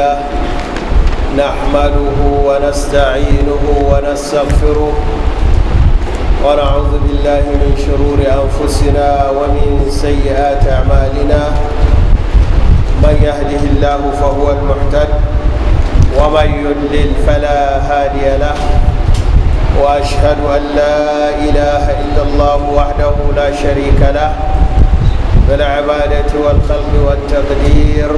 حميدا نحمده ونستعينه ونستغفره ونعوذ بالله من شرور أنفسنا ومن سيئات أعمالنا من يهده الله فهو المحتد ومن يضلل فلا هادي له وأشهد أن لا إله إلا الله وحده لا شريك له بالعبادة والخلق والتقدير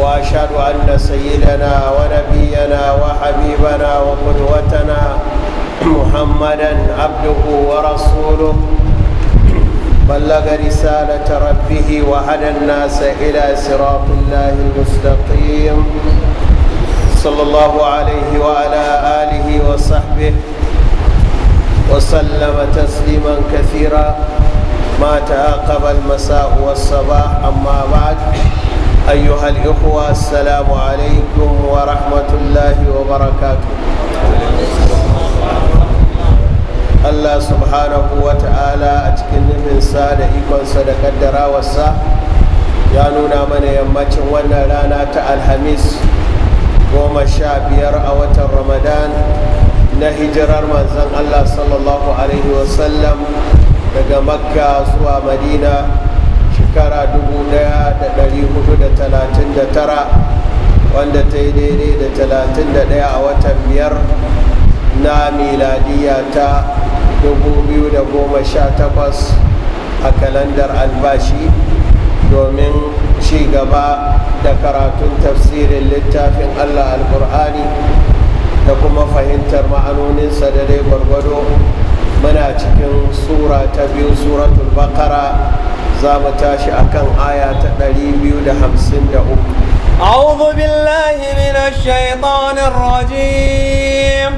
واشهد ان سيدنا ونبينا وحبيبنا وقدوتنا محمدا عبده ورسوله بلغ رساله ربه وهدى الناس الى صراط الله المستقيم صلى الله عليه وعلى اله وصحبه وسلم تسليما كثيرا ما تعاقب المساء والصباح اما بعد أيها الإخوة السلام عليكم ورحمة الله وبركاته الله سبحانه وتعالى أتكن من سادة إيكون صدق الدراوسة ya nuna mana yammacin wannan rana ta alhamis goma sha biyar a watan ramadan na hijirar manzan allah sallallahu alaihi wasallam daga makka zuwa madina shekara tara wanda ta yi daidai da 31 a watan biyar na miladiya ta da goma sha takwas a kalandar albashi domin ci gaba da karatun tafsirin littafin allah alkur'ani da kuma fahimtar ma'anoninsa da dai gwargwado muna cikin sura ta biyu suratul bakara za mu tashi akan aya ta 253 أعوذ بالله من الشيطان الرجيم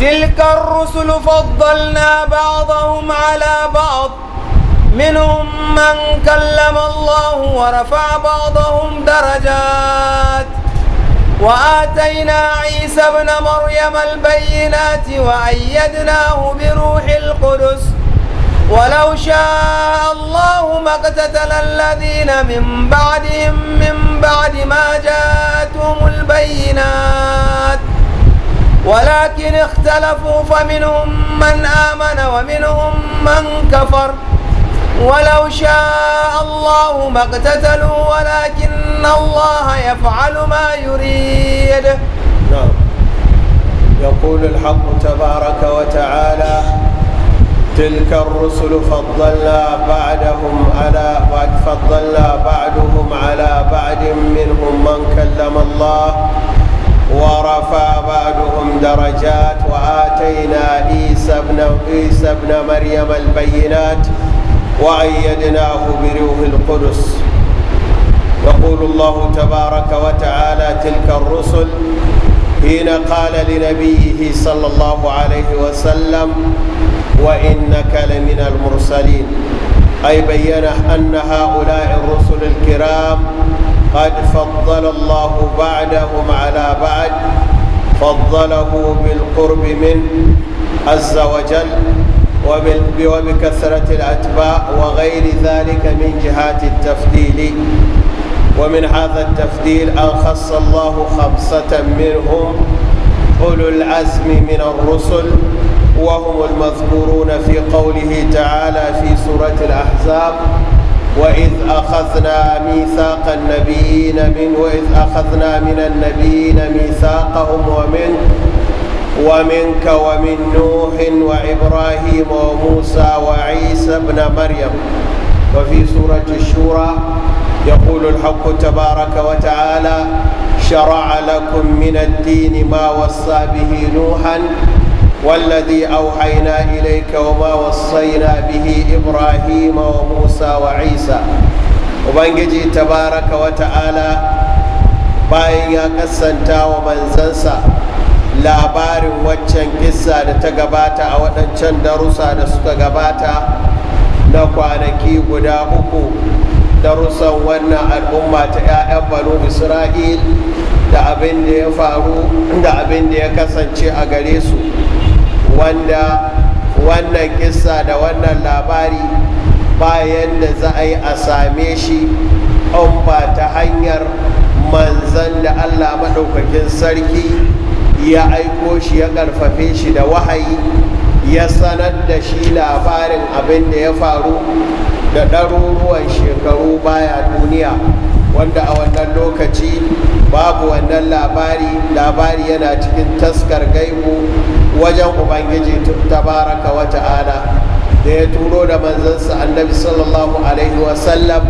تلك الرسل فضلنا بعضهم على بعض منهم من كلم الله ورفع بعضهم درجات وآتينا عيسى ابن مريم البينات وأيدناه بروح القدس ولو شاء الله ما اقتتل الذين من بعدهم من بعد ما جاءتهم البينات ولكن اختلفوا فمنهم من آمن ومنهم من كفر ولو شاء الله ما اقتتلوا ولكن الله يفعل ما يريد نعم يقول الحق تبارك وتعالى تلك الرسل فضلنا بعدهم على فضلنا بعدهم على بعد منهم من كلم الله ورفع بعدهم درجات وآتينا عيسى ابن عيسى ابن مريم البينات وأيدناه بروح القدس يقول الله تبارك وتعالى تلك الرسل حين قال لنبيه صلى الله عليه وسلم وإنك لمن المرسلين أي بين أن هؤلاء الرسل الكرام قد فضل الله بعدهم على بعد فضله بالقرب منه عز وجل وبكثرة الأتباع وغير ذلك من جهات التفضيل ومن هذا التفضيل أن خص الله خمسة منهم أولو العزم من الرسل وهم المذكورون في قوله تعالى في سورة الأحزاب وإذ أخذنا ميثاق النبيين من وإذ أخذنا من النبيين ميثاقهم ومن ومنك ومن نوح وإبراهيم وموسى وعيسى ابن مريم وفي سورة الشورى يقول الحق تبارك وتعالى شرع لكم من الدين ما وصى به نوحا والذي أوحينا إليك وما وصينا به إبراهيم وموسى وعيسى وبنجي تبارك وتعالى bayan ya kasanta wa manzansa labarin waccan kissa da ta gabata a waɗancan darussa da suka gabata na kwanaki guda uku darussan wannan al'umma ta 'ya'yan banu isra'il da abin da ya faru da abin da ya kasance a gare su wanda wannan kissa da wannan labari bayan da za a yi a same shi an ba ta hanyar manzan da allah maɗaukakin sarki ya aiko shi ya ƙarfafe shi da wahayi ya sanar da shi labarin abin da ya faru da ɗaruruwan shekaru baya duniya wanda a wannan lokaci babu wannan labari labari yana cikin taskar gaibu wajen ubangiji tabaraka wa ta'ala da ya turo da manzansa annabi sallallahu alaihi wasallam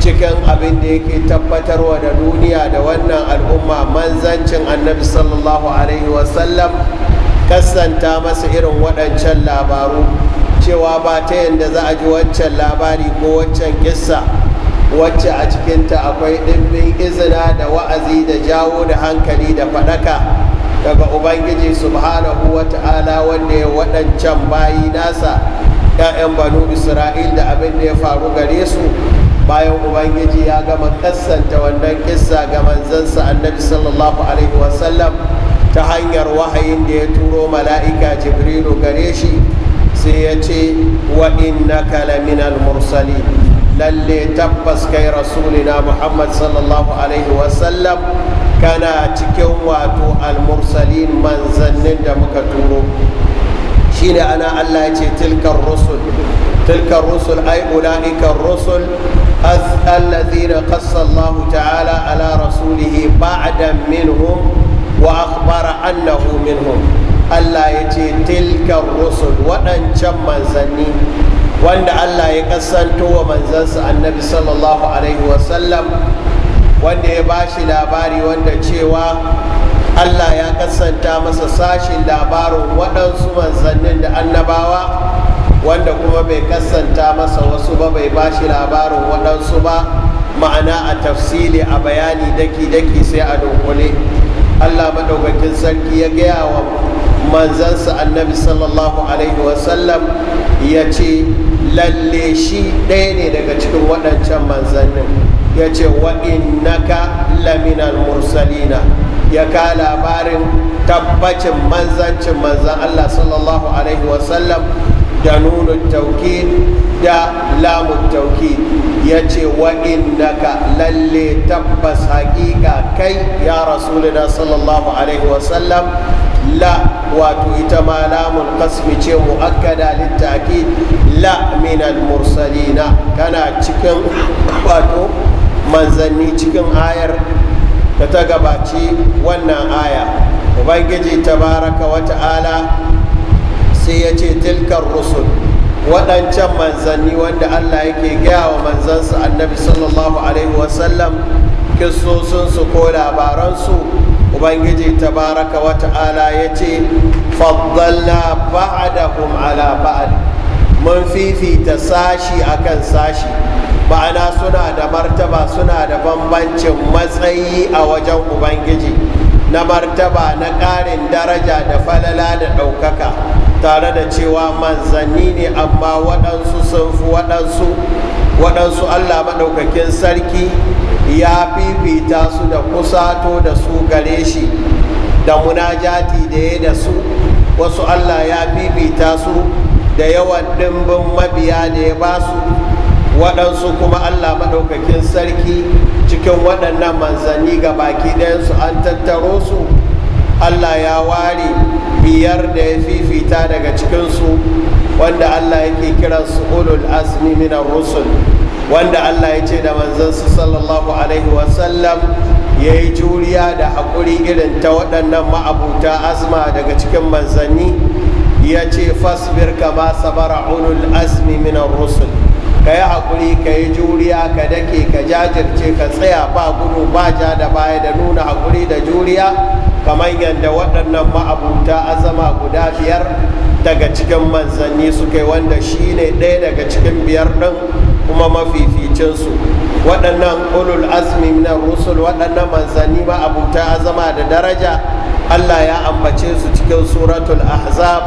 cikin abin da yake tabbatarwa da duniya da wannan al'umma manzancin annabi sallallahu alaihi wasallam kasanta masa irin waɗancan labaru cewa ba ta yadda za a ji waccan labari ko waccan kissa wacce a cikinta akwai ɗimbin izina da wa'azi da jawo da hankali da faɗaka daga ubangiji subhanahu wa ta'ala wanda ya waɗancan bayi nasa 'ya'yan banu isra'il da abin da ya faru gare su bayan ubangiji ya gama kassanta wannan kissa ga manzansa annabi sallallahu alaihi wasallam ta hanyar wahayin da ya turo mala'ika jibrilu gare shi sai ya ce wa kala laminal mursali lalle tabbas kai rasulina muhammad sallallahu alaihi wasallam kana cikin wato almursalin manzannin da muka turo shine ana allah ya ce tilkar rusul tilkar rusul ai ula'ikar rusul الذين قص الله تعالى على رسوله بعدا منهم واخبر انه منهم Allah ya ce tilkar rusul waɗancan manzanni wanda Allah ya kasanto wa manzansa annabi sallallahu alaihi wasallam wanda ya ba shi labari wanda cewa Allah ya kasanta masa sashin labarin waɗansu manzannin da annabawa wanda kuma bai kasanta masa wasu ba bai ba shi labarin waɗansu ba ma'ana a tafsili a bayani daki-daki sai a dunkule Allah maɗaukakin sarki ya gaya wa manzansa annabi sallallahu alaihi wasallam ya ce lalle shi ɗaya ne daga cikin waɗancan manzannin ya ce wa'innaka laminan mursalina ya ka labarin tabbacin manzancin manzan allah sallallahu alaihi wasallam da nunu tauki da lamun tauki ya ce wa'innaka lalle tabbas haƙiƙa kai ya rasulina sallallahu alaihi wasallam la wato ita ma lamun kasmi ce mu'akkada littaki la minal mursalina kana cikin wato manzanni cikin ayar da ta gabaci wannan aya ubangiji tabaraka wa ta'ala sai ya ce tilkar rusul waɗancan manzanni wanda allah yake gaya wa manzansa annabi sallallahu alaihi wasallam kissosinsu ko labaransu ubangiji tabaraka wa ta'ala ya ce faddalla ba'adahum ala mun fifita sashi akan sashi ma'ana suna da martaba suna da bambancin matsayi a wajen ubangiji na martaba na ƙarin daraja da falala da ɗaukaka tare da cewa manzanni ne amma waɗansu sun fi waɗansu waɗansu allah maɗaukakin sarki ya fifita su da kusato da su gare shi da munajati da ya da su wasu allah ya fifita su da yawan dimbin mabiya da ya ba su waɗansu kuma allah maɗaukakin sarki cikin waɗannan manzanni ga baki ɗayansu an tattaro su allah ya ware biyar da ya fifita daga cikinsu wanda allah yake kiransu ulul azmi minar rusul wanda allah ya ce da manzansu sallallahu alaihi wasallam ya yi juriya da haƙuri irin ta waɗannan ma'abuta azma daga cikin manzanni ya ce fasbir ba sabara unul azmi minan rusul ka yi haƙuri ka yi juriya ka dake ka jajirce ka tsaya ba gudu ba ja da baya da nuna haƙuri da juriya kamar yadda waɗannan ma'abuta azama guda biyar daga cikin manzanni suka yi wanda shine ɗaya daga cikin biyar ɗin kuma mafificinsu waɗannan ulul azmi na rusul waɗannan manzanni ma abuta azama da daraja allah ya ambace su cikin suratul ahzab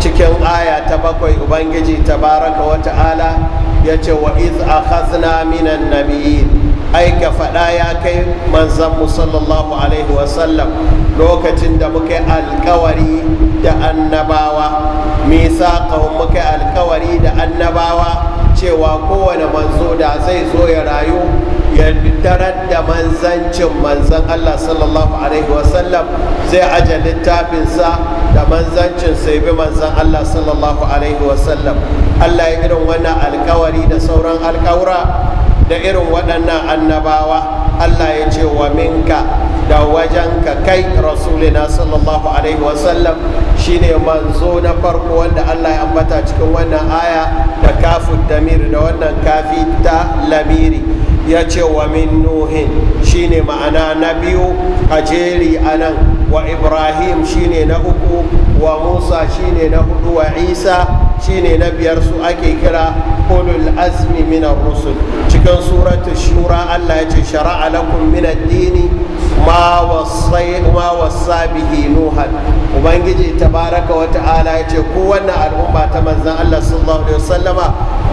cikin aya ta bakwai ubangiji ta baraka wata'ala ya ce wa iz hazna minan nabiyyin Aika faɗa ya kai manzanmu sallallahu alaihi wasallam lokacin da muka yi alkawari da annabawa misa kawun muka yi alkawari da annabawa cewa kowane manzo da zai zo ya rayu ya tarar da manzancin manzan Allah sallallahu alaihi wasallam zai aje littafinsa da manzancin sai bi manzan Allah sallallahu alaihi wasallam Allah ya irin wannan alkawari da sauran alkawura da irin waɗannan annabawa Allah ya ce wa minka da wajenka kai rasulina sallallahu alaihi wasallam shine manzo na farko wanda Allah ya ambata cikin wannan aya da kafin damir da wannan kafin ta lamiri ya ce wa min nuhin shine ma'ana na biyu a jeri a nan wa ibrahim shine na uku wa musa shine na hudu wa isa shine na biyar su ake kira ulul azmi minar rusul cikin suratu shura allah ya ce shara'a lakum min ad-dini ma wasa bihi nuhan ubangiji tabaraka wa ta'ala ya ce ko al'umma ta manzan allah sallallahu alaihi wasallama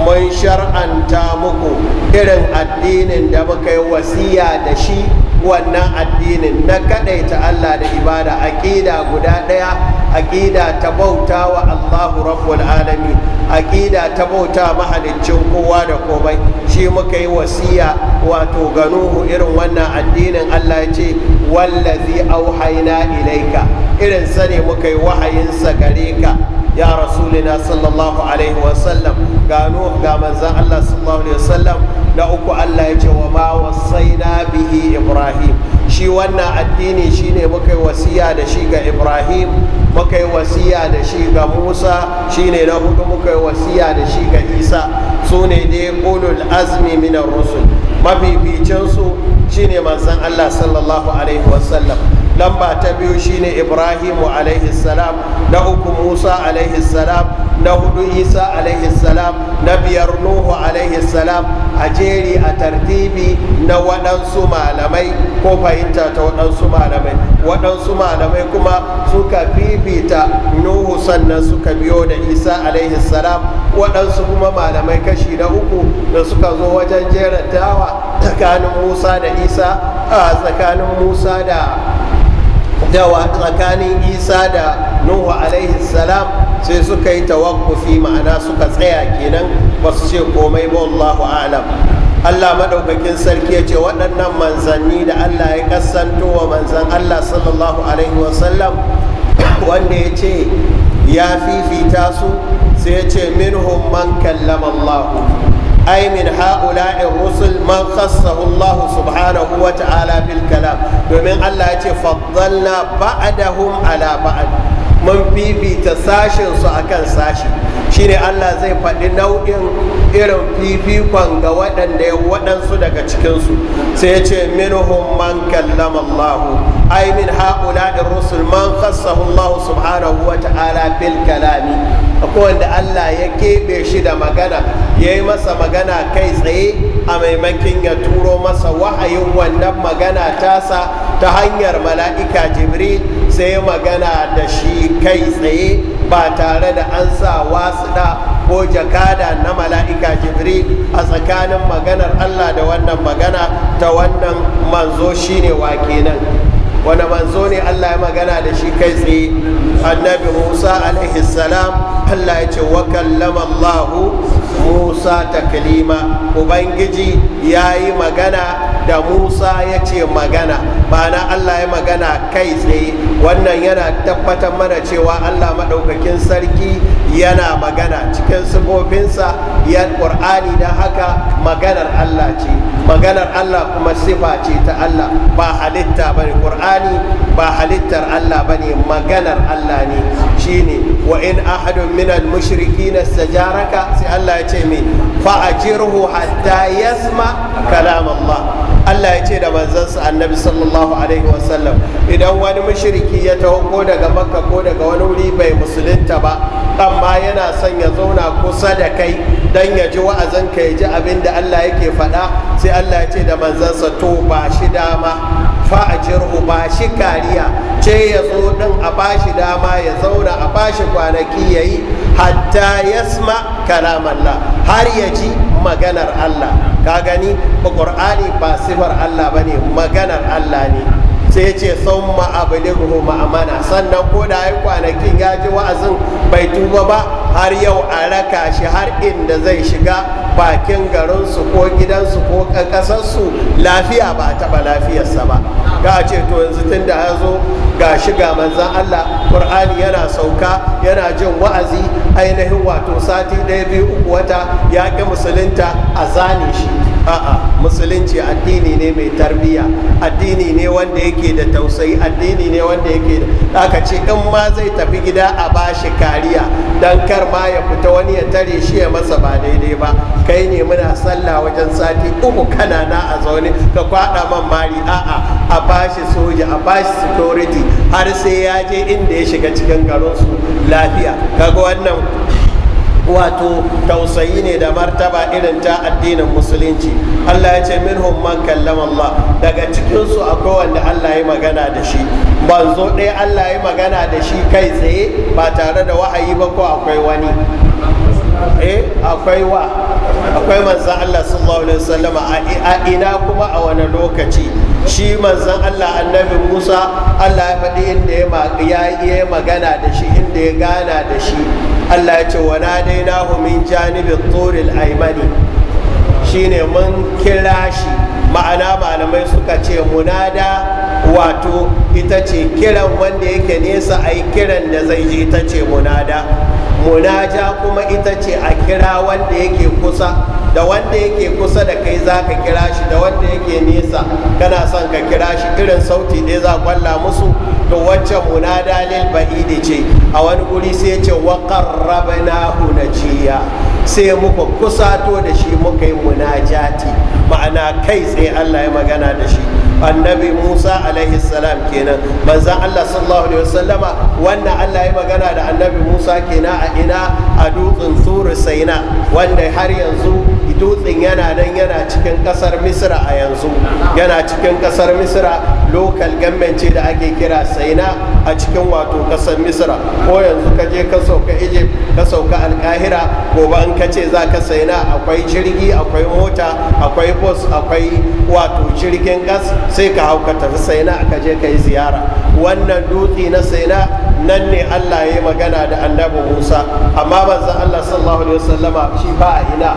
mun shar'anta muku irin addinin da muka yi wasiya da shi wannan addinin na kadaita Allah da ibada aqida guda daya aqida ta bauta wa Allahu rabbul alami aqida ta bauta mahaliccin kowa da komai shi muka yi wasiya wato ganuhu irin wannan addinin Allah ya ce wallazi auhaina ilaika irin sane muka yi wahayin sa gare ka ya rasulina sallallahu alaihi wasallam ga nuh ga manzon Allah sallallahu alaihi na uku allah ya ce wa ma wasaina bihi ibrahim shi wannan addini shine muka yi wasiya da shi ga ibrahim muka yi wasiya da shi ga musa ne na hudu muka yi wasiya da shi ga isa su ne dai ulul azmi minar rusul mafificinsu shine manzon allah sallallahu alaihi wasallam lamba ta biyu shine ibrahimu alaihi salam na uku musa alaihi salam na hudu isa alaihi salam na biyar nuhu alaihi salam a jeri a tartibi na waɗansu malamai ko fahimta ta waɗansu malamai waɗansu malamai kuma suka fifita nuhu sannan suka biyo da isa alaihi salam waɗansu kuma malamai kashi na uku da suka zo wajen jera dawa tsakanin musa da isa a tsakanin musa da dawa tsakanin isa da nuhu alaihi salam sai suka yi tawakufi ma'ana suka tsaya kenan ba su ce komai ba wallahu alam allah maɗaukakin sarki ya ce waɗannan manzanni da allah ya kassanto wa manzan allah sallallahu alaihi wasallam wanda ya ce ya fifita su sai ya ce minhum man kallama allahu أي من هؤلاء الرسل من خصه الله سبحانه وتعالى بالكلام ومن الله فضلنا بعدهم على بعد mun fifita sashen su akan sashi shine allah zai faɗi nau'in irin fifikon ga waɗanda ya waɗansu daga cikinsu sai ya ce minhum man kallama allahu ai min haula da rusul man khassahu allahu subhanahu wa ta'ala bil kalami akwai wanda allah ya keɓe shi da magana ya yi masa magana kai tsaye a maimakin ya turo masa wahayin wannan magana tasa ta hanyar mala'ika jibril sai magana da shi kai tsaye ba tare da an sa wasuɗa ko jakada na mala'ika jibril a tsakanin maganar allah da wannan magana ta wannan manzo ne wa kenan wani manzo ne allah ya magana da shi kai tsaye annabi musa alaihi allah ya ce wa kallama allahu musa kalima ubangiji ya yi magana da musa ya ce magana ma'ana allah ya magana kai tsaye wannan yana tabbatar mana cewa allah maɗaukakin sarki yana magana cikin sifofinsa ya ƙur'ani da haka maganar allah ce maganar allah kuma sifa ce ta allah ba halitta ba ne ƙur'ani ba halittar allah ba ne maganar allah ne shine wa in ahadun min al-mushrikin istajaraka sai Allah ya ce me fa hatta yasma kalam Allah Allah ya ce da manzansa annabi sallallahu alaihi wasallam idan wani mushriki ya taho ko daga makka ko daga wani wuri bai musulunta ba amma yana son ya zauna kusa da kai dan ya ji wa'azanka ya ji abin da Allah yake faɗa sai Allah ya ce da manzansa to ba shi dama fa'ajirhu ba shi kariya ce ya zo din a bashi dama ya zauna a bashi kwanaki ya yi hatta yasma kalamallah har ya ji maganar Allah ka gani ba ƙur'ani ba sifar Allah ba ne maganar Allah ne sai ce sun ma'abilihu ma'amana sannan ko da ya kwanakin ya ji wa'azin bai tuba ba har yau a raka shi har inda zai shiga bakin garinsu ko gidansu ko ƙasarsu lafiya ba taɓa lafiyarsa ba ga a ce to yanzu tun da ya zo ga shiga manzan Allah ƙur'ani yana sauka yana jin wa'azi ainihin wato sati ɗaya biyu uku wata ya ƙi musulunta a zane shi a'a musulunci addini ne mai tarbiyya addini ne wanda yake da tausayi addini ne wanda yake da aka ce in ma zai tafi gida a bashi kariya don kar ma ya fita wani ya tare shi ya masa ba daidai ba kai ne muna sallah wajen sati uku kana na a zaune ka kwada man mari a'a a bashi soja a bashi security har sai ya je inda ya shiga cikin garinsu lafiya kaga wannan wato tausayi ne da martaba irin ta addinin musulunci Allah ya ce minhum man kallama Allah daga cikinsu akwai wanda Allah ya magana da shi zo ɗaya Allah ya magana da shi kai tsaye ba tare da wa'ayi ba ko akwai wani eh akwai wa akwai manzan Allah sallallahu alaihi wasallama a ina kuma a wani lokaci shi manzan Allah annabi Musa Allah ya faɗi inda ya magana da shi inda ya gana da shi Allah ya ce wa nadainahu min janibi turil aimani shine mun kira shi ma'ana malamai suka ce munada wato ita ce kiran wanda yake nesa ai kiran da zai je ita ce munada munaja kuma ita ce a kira wanda yake kusa da wanda yake kusa da kai za ka kira shi da wanda yake nesa kana son ka kira shi irin sauti dai za kwalla musu to wacce munada lil ba'idi ce a wani guri sai ya ce wa qarrabnahu jiya sai muka kusato da shi muka yi munajati ma'ana kai sai Allah ya magana da shi annabi musa alaihi salam kenan manzan allah sallallahu alaihi wasallama wanda allah ya magana da annabi musa kenan a ina a dutsen tsuri saina wanda har yanzu dutsen yana nan yana cikin kasar Misira a yanzu yana cikin kasar misra lokal gammance da ake kira saina a cikin wato kasar Misira ko yanzu ka je ka sauka egypt ka sauka alkahira gobe an ka ce za ka saina akwai jirgi akwai mota akwai bus akwai wato jirgin gas sai ka hau ka tafi saina ka je ka yi ziyara wannan dutse na saina nan ne allah ya yi magana da annabi musa amma manzon allah sallallahu alaihi wasallama shi ba a ina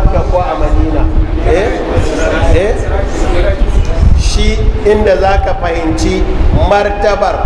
makka ko a madina eh? Eh? shi inda za ka fahimci martabar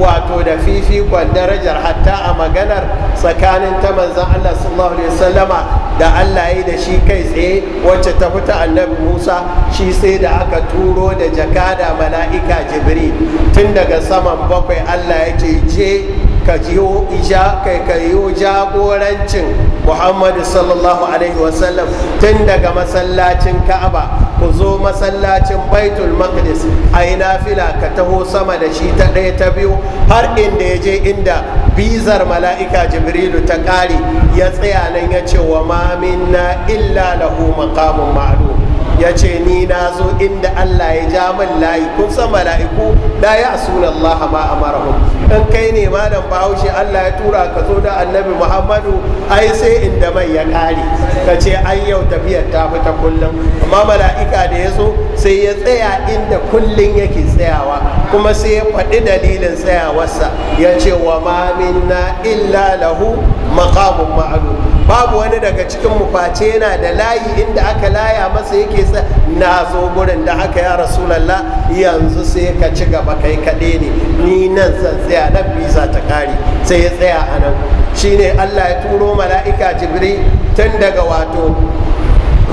wato da fifikon darajar hatta a maganar tsakanin ta manzan Allah sallallahu alaihi wasallama da Allah yi da shi kai tsaye wacce ta fita annabi Musa shi sai da aka turo da jakada mala'ika Jibril tun daga saman bakwai Allah yake je ka yiwu jagorancin muhammadu sallallahu alaihi wasallam tun daga masallacin ka'aba ku zo masallacin baitul maqdis a yi nafila ka taho sama da shi ta ɗaya ta biyu har inda ya je inda bizar mala'ika jibrilu ta ƙare ya tsaya nan ya ce wa mamina illa lahu maqamun ma'lum ya ce ni na zo inda Allah ya ja min layi kun san mala'iku la ya suna Allah ma amarahum in kai ne malam bahaushe allah ya tura ka zo da annabi muhammadu ai sai inda mai ya kare ka ce an yau tafiyar ta fita kullum amma mala'ika da ya zo sai ya tsaya inda kullum yake tsayawa kuma sai ya faɗi dalilin tsayawarsa ya ce wa ma minna illa lahu maqamun ma'lum babu wani daga cikin mu face yana da layi inda aka laya masa yake sa na zo gurin da haka ya rasulallah yanzu sai ka ci gaba kai kaɗai ne ni nan zan tsaya nan bisa ta kare sai ya tsaya a nan shine allah ya turo mala'ika jibri tun daga wato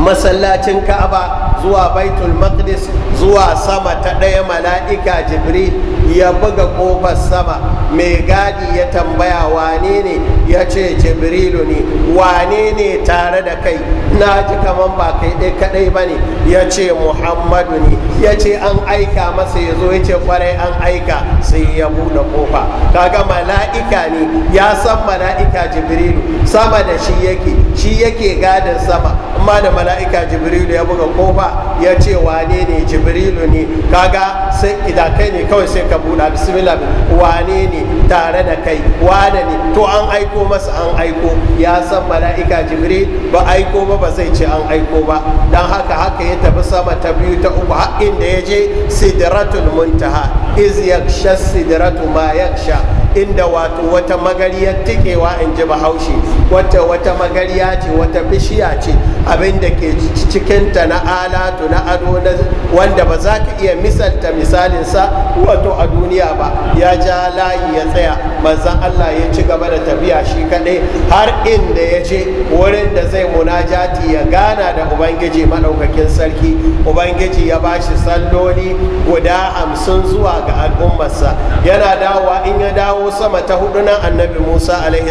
masallacin ka'aba zuwa baitul maqdis zuwa sama ta ɗaya mala'ika jibril ya buga ƙofar sama mai gadi ya tambaya wane ne ya ce jibrilu ne wane ne tare da kai na ji kaman ba kai ɗai kaɗai ba ne ya ce muhammadu ne ya ce an aika masa ya zo ya ce kwarai an aika sai ya buɗe ƙofa kaga mala'ika ne ya san mala'ika jibrilu sama da shi yake shi yake gadon sama amma da mala'ika jibrilu ya buga kofa ya ce wane ne jibrilu ne kaga sai idan kai ne kawai sai ka buɗa bismillah wane ne tare da kai wane ne to an aiko masa an aiko ya san mala'ika jibril ba aiko ba ba zai ce an aiko ba dan haka haka ya tafi sama ta biyu ta uku har inda ya je sidratul muntaha iz yaksha sidratu ma yaksha inda wato wata magariyar tikewa in ji bahaushe wata wata magariya ce wata bishiya ce abin da ke cikinta na alatu na ado na wanda ba za ka iya misalta misalinsa wato a duniya ba ya ja layi ya tsaya manzan allah ya ci gaba da tafiya shi kaɗai har inda ya je wurin da zai munaji. isra'i ya gana da ubangiji maɗaukakin sarki ubangiji ya ba shi salloli guda hamsin zuwa ga al'ummarsa yana dawowa in ya dawo sama ta hudu na annabi musa alaihi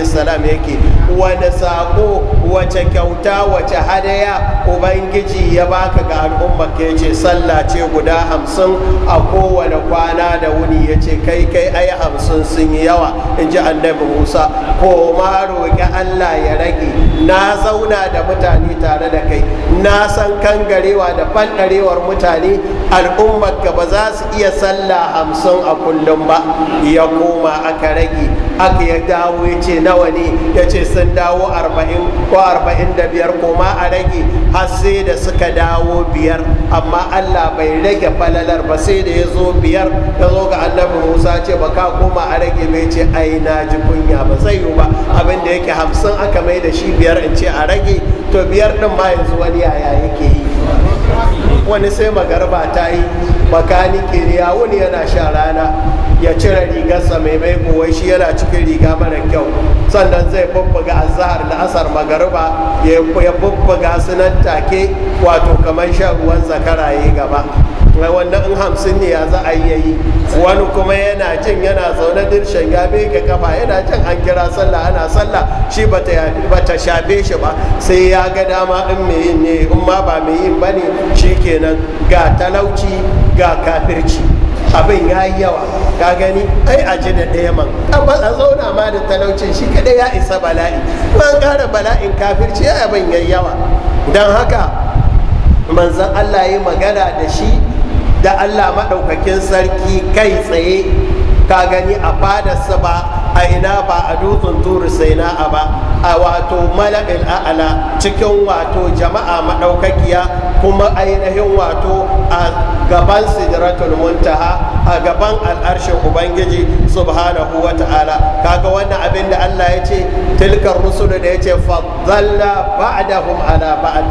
yake wani saƙo wace kyauta wace hadaya ubangiji ya baka ga al'umma ya ce sallah ce guda hamsin a kowane kwana da wuni ya ce kai kai ai hamsin sun yi yawa in ji annabi musa ko ma roƙi allah ya rage na zauna da mutane tare da kai na san kangarewa da fanɗarewar mutane al'ummar ka ba za su iya sallah hamsin a kullum ba ya koma aka rage haka ya dawo ya ce nawa ne ya ce sun dawo arba'in ko arba'in da biyar ko a rage har sai da suka dawo biyar amma allah bai rage falalar ba sai da ya zo biyar ya zo ga annabi musa ce ba ka koma a rage bai ce ai na ji kunya ba zai yiwu ba abin da yake hamsin aka mai da shi biyar in ce a rage to biyar din ma yanzu wani yaya yake yi wani sai magarba ta yi makanike ne ya wuni yana sha rana ya cire rigarsa mai mai wai shi yana cikin riga mara kyau sannan zai bubbuga azahar da asar magariba ya bubbuga su nan take wato kamar shan ruwan zakara ya gaba wannan in hamsin ne ya za a yi wani kuma yana jin yana zaune dirshen ya ga kafa yana jin an kira sallah ana sallah shi bata shafe shi ba sai ya ga dama in mai yin ne in ma ba mai yin ba ne shi kenan ga talauci ga kafirci abin ya yi yawa ka gani ai a ji da ɗaya man a zauna ma da talaucin shi kaɗai ya isa bala'i an ƙara bala'in kafirci ya abin ya yawa don haka manzan allah yi magana da shi da allah maɗaukakin sarki kai tsaye ka gani a fadarsa ba a ina ba a dutsen turu sai na a ba a wato mala'il a'ala cikin wato jama'a maɗaukakiya kuma ainihin wato a gaban sidratul muntaha a gaban al'arshin ubangiji subhanahu wa ta'ala kaga wannan abin da Allah ya ce tilkar rusulu da ya ce fadalla ba'dahum ala ba'd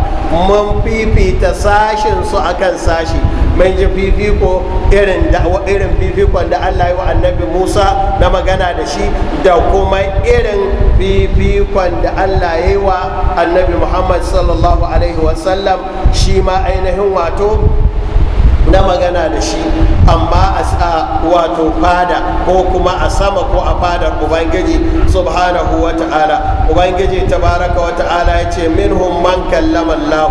mun fifita sashin su akan sashi mun ji fifiko irin da irin fifikon da Allah ya wa annabi Musa na magana da shi da kuma irin fifikon da Allah ya yi wa annabi Muhammad sallallahu alaihi wasallam shi ma ainihin wato na magana da shi amma a wato fada ko kuma a sama ko a fadar ubangiji subhanahu wa ta'ala ubangiji tabaraka wa ta'ala ya ce minhum man kallama Allah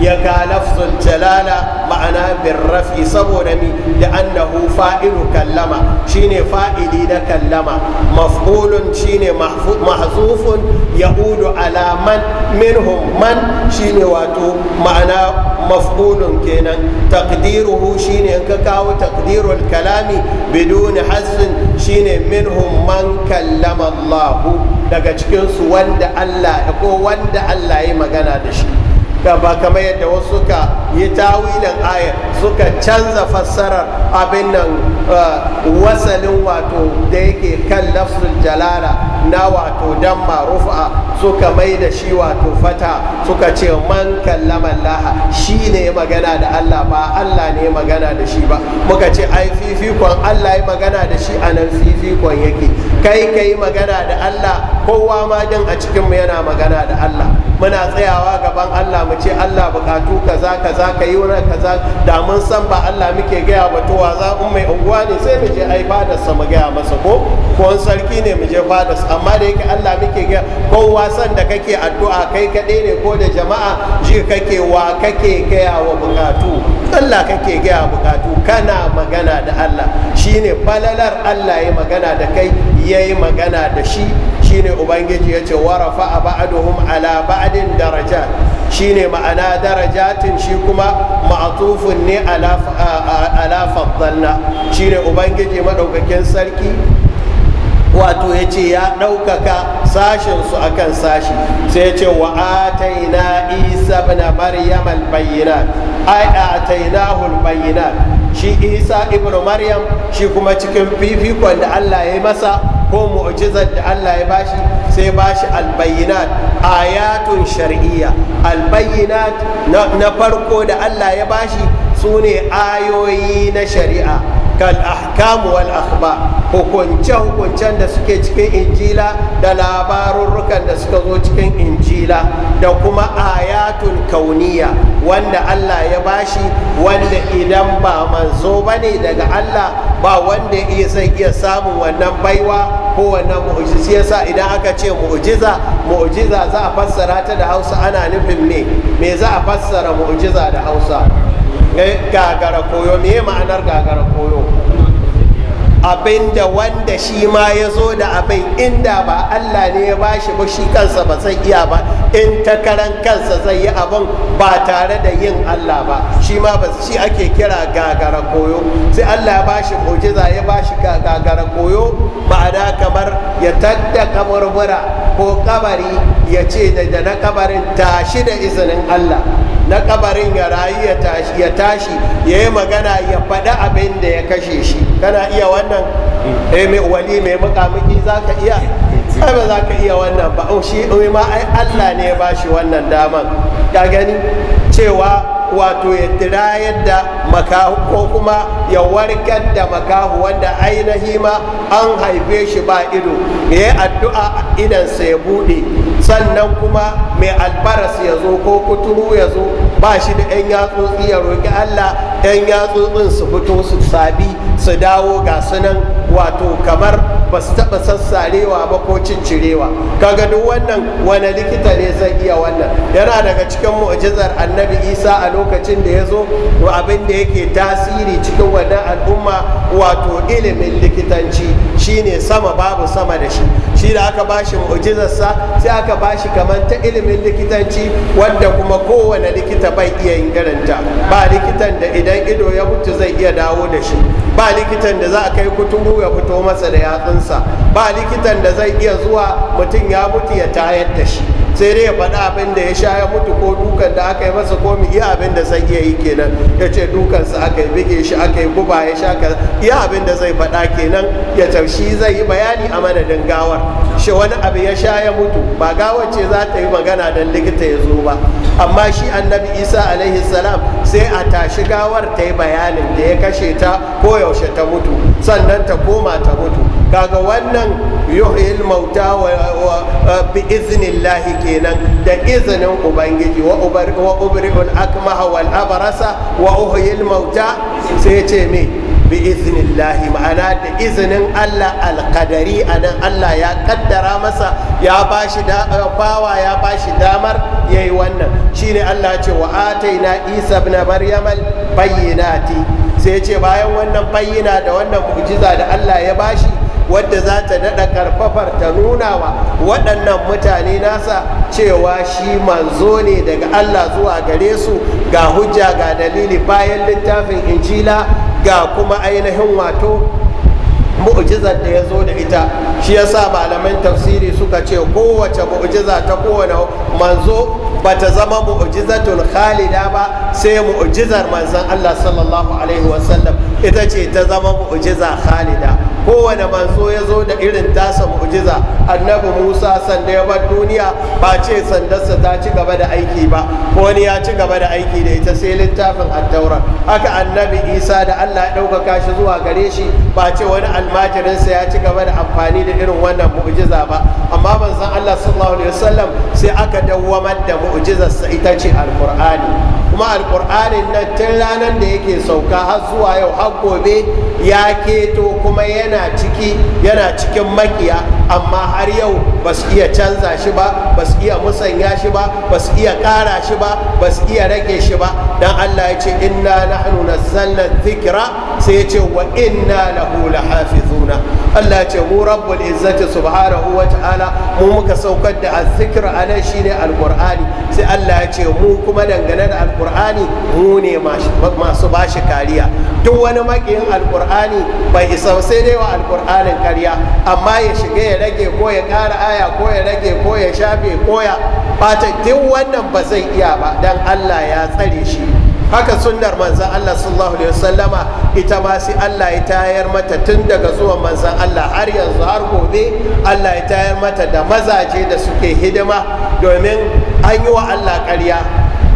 ya ga lafzul jalala ma'ana bin rafi saboda mi da annahu fa'ilu kallama shine fa'ili na kallama maf'ulun shine mahzufun ya'udu ala man minhum man shine wato ma'ana maf'ulun kenan taqdiruhu shine in ka kawo taqdirul kalami biduni hassin shine minhum man kallama Allah daga cikin su wanda Allah ko wanda Allah ya magana da shi ba kamar yadda wasu ka yi tawilin ayar suka canza fassarar abin nan uh, wasalin wato da yake kan lafsul jalala na wato damma marufa suka mai da shi wato fata suka ce man kallaman laha shi ne magana da Allah ba Allah ne magana da shi ba muka ce ai fifikon Allah ya magana da shi a nan fifikon yake kai kai magana da Allah kowa ma din a cikinmu yana magana da Allah muna tsayawa gaban Allah mu ce Allah bukatu kaza kaza kaza ka yi wani kaza da mun san ba Allah muke gaya ba to waza in mai unguwa ne sai mu je ai fadar sa mu gaya masa ko ko sarki ne mu je fadar amma da yake Allah muke gaya ko wasan da kake addu'a kai kaɗai ne ko da jama'a ji kake wa kake gaya wa bukatu Allah kake gaya bukatu kana magana da Allah shine falalar Allah ya magana da kai yayi magana da shi shine ubangiji ya ce warafa ba'aduhum ala ba'din daraja shine ma'ana darajatin shi kuma ma'atufun ne ala shi shine ubangiji maɗaukakin sarki wato ya ce ya ɗaukaka sashensu a kan sashi sai ya ce wa ataina isa na maryam albayyana ai ataina hulbayyana shi isa ibnu maryam shi kuma cikin fifikon da allah ya yi masa ko mu'jizar da Allah ya bashi sai bashi albayyinat ayatun shar'iyya albayyinat na farko da Allah ya bashi sune ayoyi na shari'a kal ahkamu wal hukunce hukuncen da suke cikin injila da labarurrukan da suka zo cikin injila da kuma ayatul kauniya wanda Allah ya bashi wanda idan ba manzo bane daga Allah ba wanda iya zai iya samun wannan baiwa ko wannan mu'jiza yasa idan aka ce mu'jiza mu'jiza za a fassara ta da Hausa ana nufin me me za a fassara mu'jiza da Hausa Eh, gagara koyo me ma'anar gagara koyo abinda wanda shi ma ya zo da abin inda ba Allah ne ya bashi ba shi kansa ba zai iya ba in ta karan kansa zai yi abin ba tare da yin Allah ba shi ma ba shi ake kira gagara koyo sai Allah ya bashi mujiza ya bashi gagara koyo ma'ana kamar ya tadda kaburbura ko kabari ya ce da na kabarin tashi da izinin Allah na kabarin ya rayu ya tashi ya yi magana ya faɗi abin da ya kashe shi kana iya wannan eh mai wali mai muƙamuƙi za ka iya ai ba za ka iya wannan ba oh, shi oh, ma ai allah ne ya shi wannan daman ka gani cewa wato ya tira yadda makahu ko kuma ya warkar da makahu wanda ainihi ma an haife shi ba ido ya yi addu'a idansa ya buɗe sannan kuma mai albaras ya zo ko kuturu ya zo ba shi da 'yan yatsotsi ya roƙi allah 'yan yatsotsin su fito su sabi su dawo ga sunan wato kamar ba su taɓa sassarewa ba ko cincirewa kaga duk wannan wani likita ne zai iya wannan yana daga cikin mu'jizar annabi isa a lokacin da ya zo abin da yake tasiri cikin wannan al'umma wato ilimin likitanci shine sama babu sama da shi shi da aka bashi mu'jizarsa sai aka bashi kamar ta ilimin ganin likitanci wadda kuma kowane likita bai iya yin ba likitan da idan ido ya mutu zai iya dawo da shi ba likitan da za a kai kuturu ya fito masa da yatsunsa ba likitan da zai iya zuwa mutum ya mutu ya tayar da shi sai dai ya faɗa abin da ya sha ya mutu ko dukan da aka yi masa ko mu iya abin da zai iya yi kenan ya ce dukansa aka yi bige shi aka yi guba ya sha kaza iya abin da zai faɗa kenan ya taushi zai yi bayani a madadin gawar shi wani abu ya sha ya mutu ba gawar ce za ta yi magana don likita ya zo ba amma shi annabi isa alaihi salam sai a tashi gawar ta yi bayanin da ya kashe ta ko yaushe ta mutu sannan ta koma ta mutu kaga wannan yuhyil mauta wa bi iznillahi kenan da izinin ubangiji wa ubri'ul akmaha wal abarasa wa uhyil mauta sai ce me biiznillahi ma'ana da izinin allah alkadari anan allah ya kaddara masa ya bashi bawa ya bashi damar ya yi wannan shine allah ce wa ataina isa ibn maryam bayyinati sai ce bayan wannan bayyana da wannan mu'jiza da allah ya bashi wadda za ta daɗa karfafar ta nuna wa waɗannan mutane nasa cewa shi manzo ne daga allah zuwa gare su ga hujja ga dalili bayan littafin injila ga kuma ainihin wato mu'jizar da ya zo da ita shi ya sa malaman tafsiri suka ce kowace mu'jiza ta kowane manzo ba ta zama mu'jizatun khalida ba sai mu'jizar manzan allah sallallahu alaihi wasallam ita ce ta zama mu'jiza khalida kowane manzo ya zo da irin tasa mu'jiza annabi musa sanda ya bar duniya ba ce sandarsa ta ci gaba da aiki ba ko wani ya ci gaba da aiki da ita sai littafin addaura haka annabi isa da allah ya ɗaukaka shi zuwa gare shi ba ce wani almajirinsa ya ci gaba da amfani da irin wannan mu'jiza ba amma manzon allah sallallahu alaihi wasallam sai aka dawwamar da mu'jizarsa ita ce alkur'ani kuma alƙur'anin nan tun ranar da yake sauka har zuwa yau har gobe ya keto kuma yana ciki yana cikin makiya amma har yau ba su iya canza shi ba ba su iya musanya shi ba ba su iya ƙara shi ba ba su iya rage shi ba dan Allah ya ce inna na nazzalna zikira sai ya ce wa inna hafi lahafizuna Allah ya ce mu rabbul izzati subhanahu wa ta'ala mu muka saukar da a anan shine Alƙur'ani, sai Allah ya ce mu kuma dangane da Alƙur'ani. Alƙur'ani mu ne masu bashi kariya duk wani makiyin alkur'ani bai isa sai dai wa alkur'anin kariya amma ya shiga ya rage ko ya ƙara aya ko ya rage ko ya shafe ko ya ɓata duk wannan ba zai iya ba dan allah ya tsare shi haka sunnar manzan Allah sallallahu alaihi wasallama ita ma sai Allah ya tayar mata tun daga zuwan manzan Allah har yanzu har gobe Allah ya tayar mata da mazaje da suke hidima domin an yi wa Allah ƙarya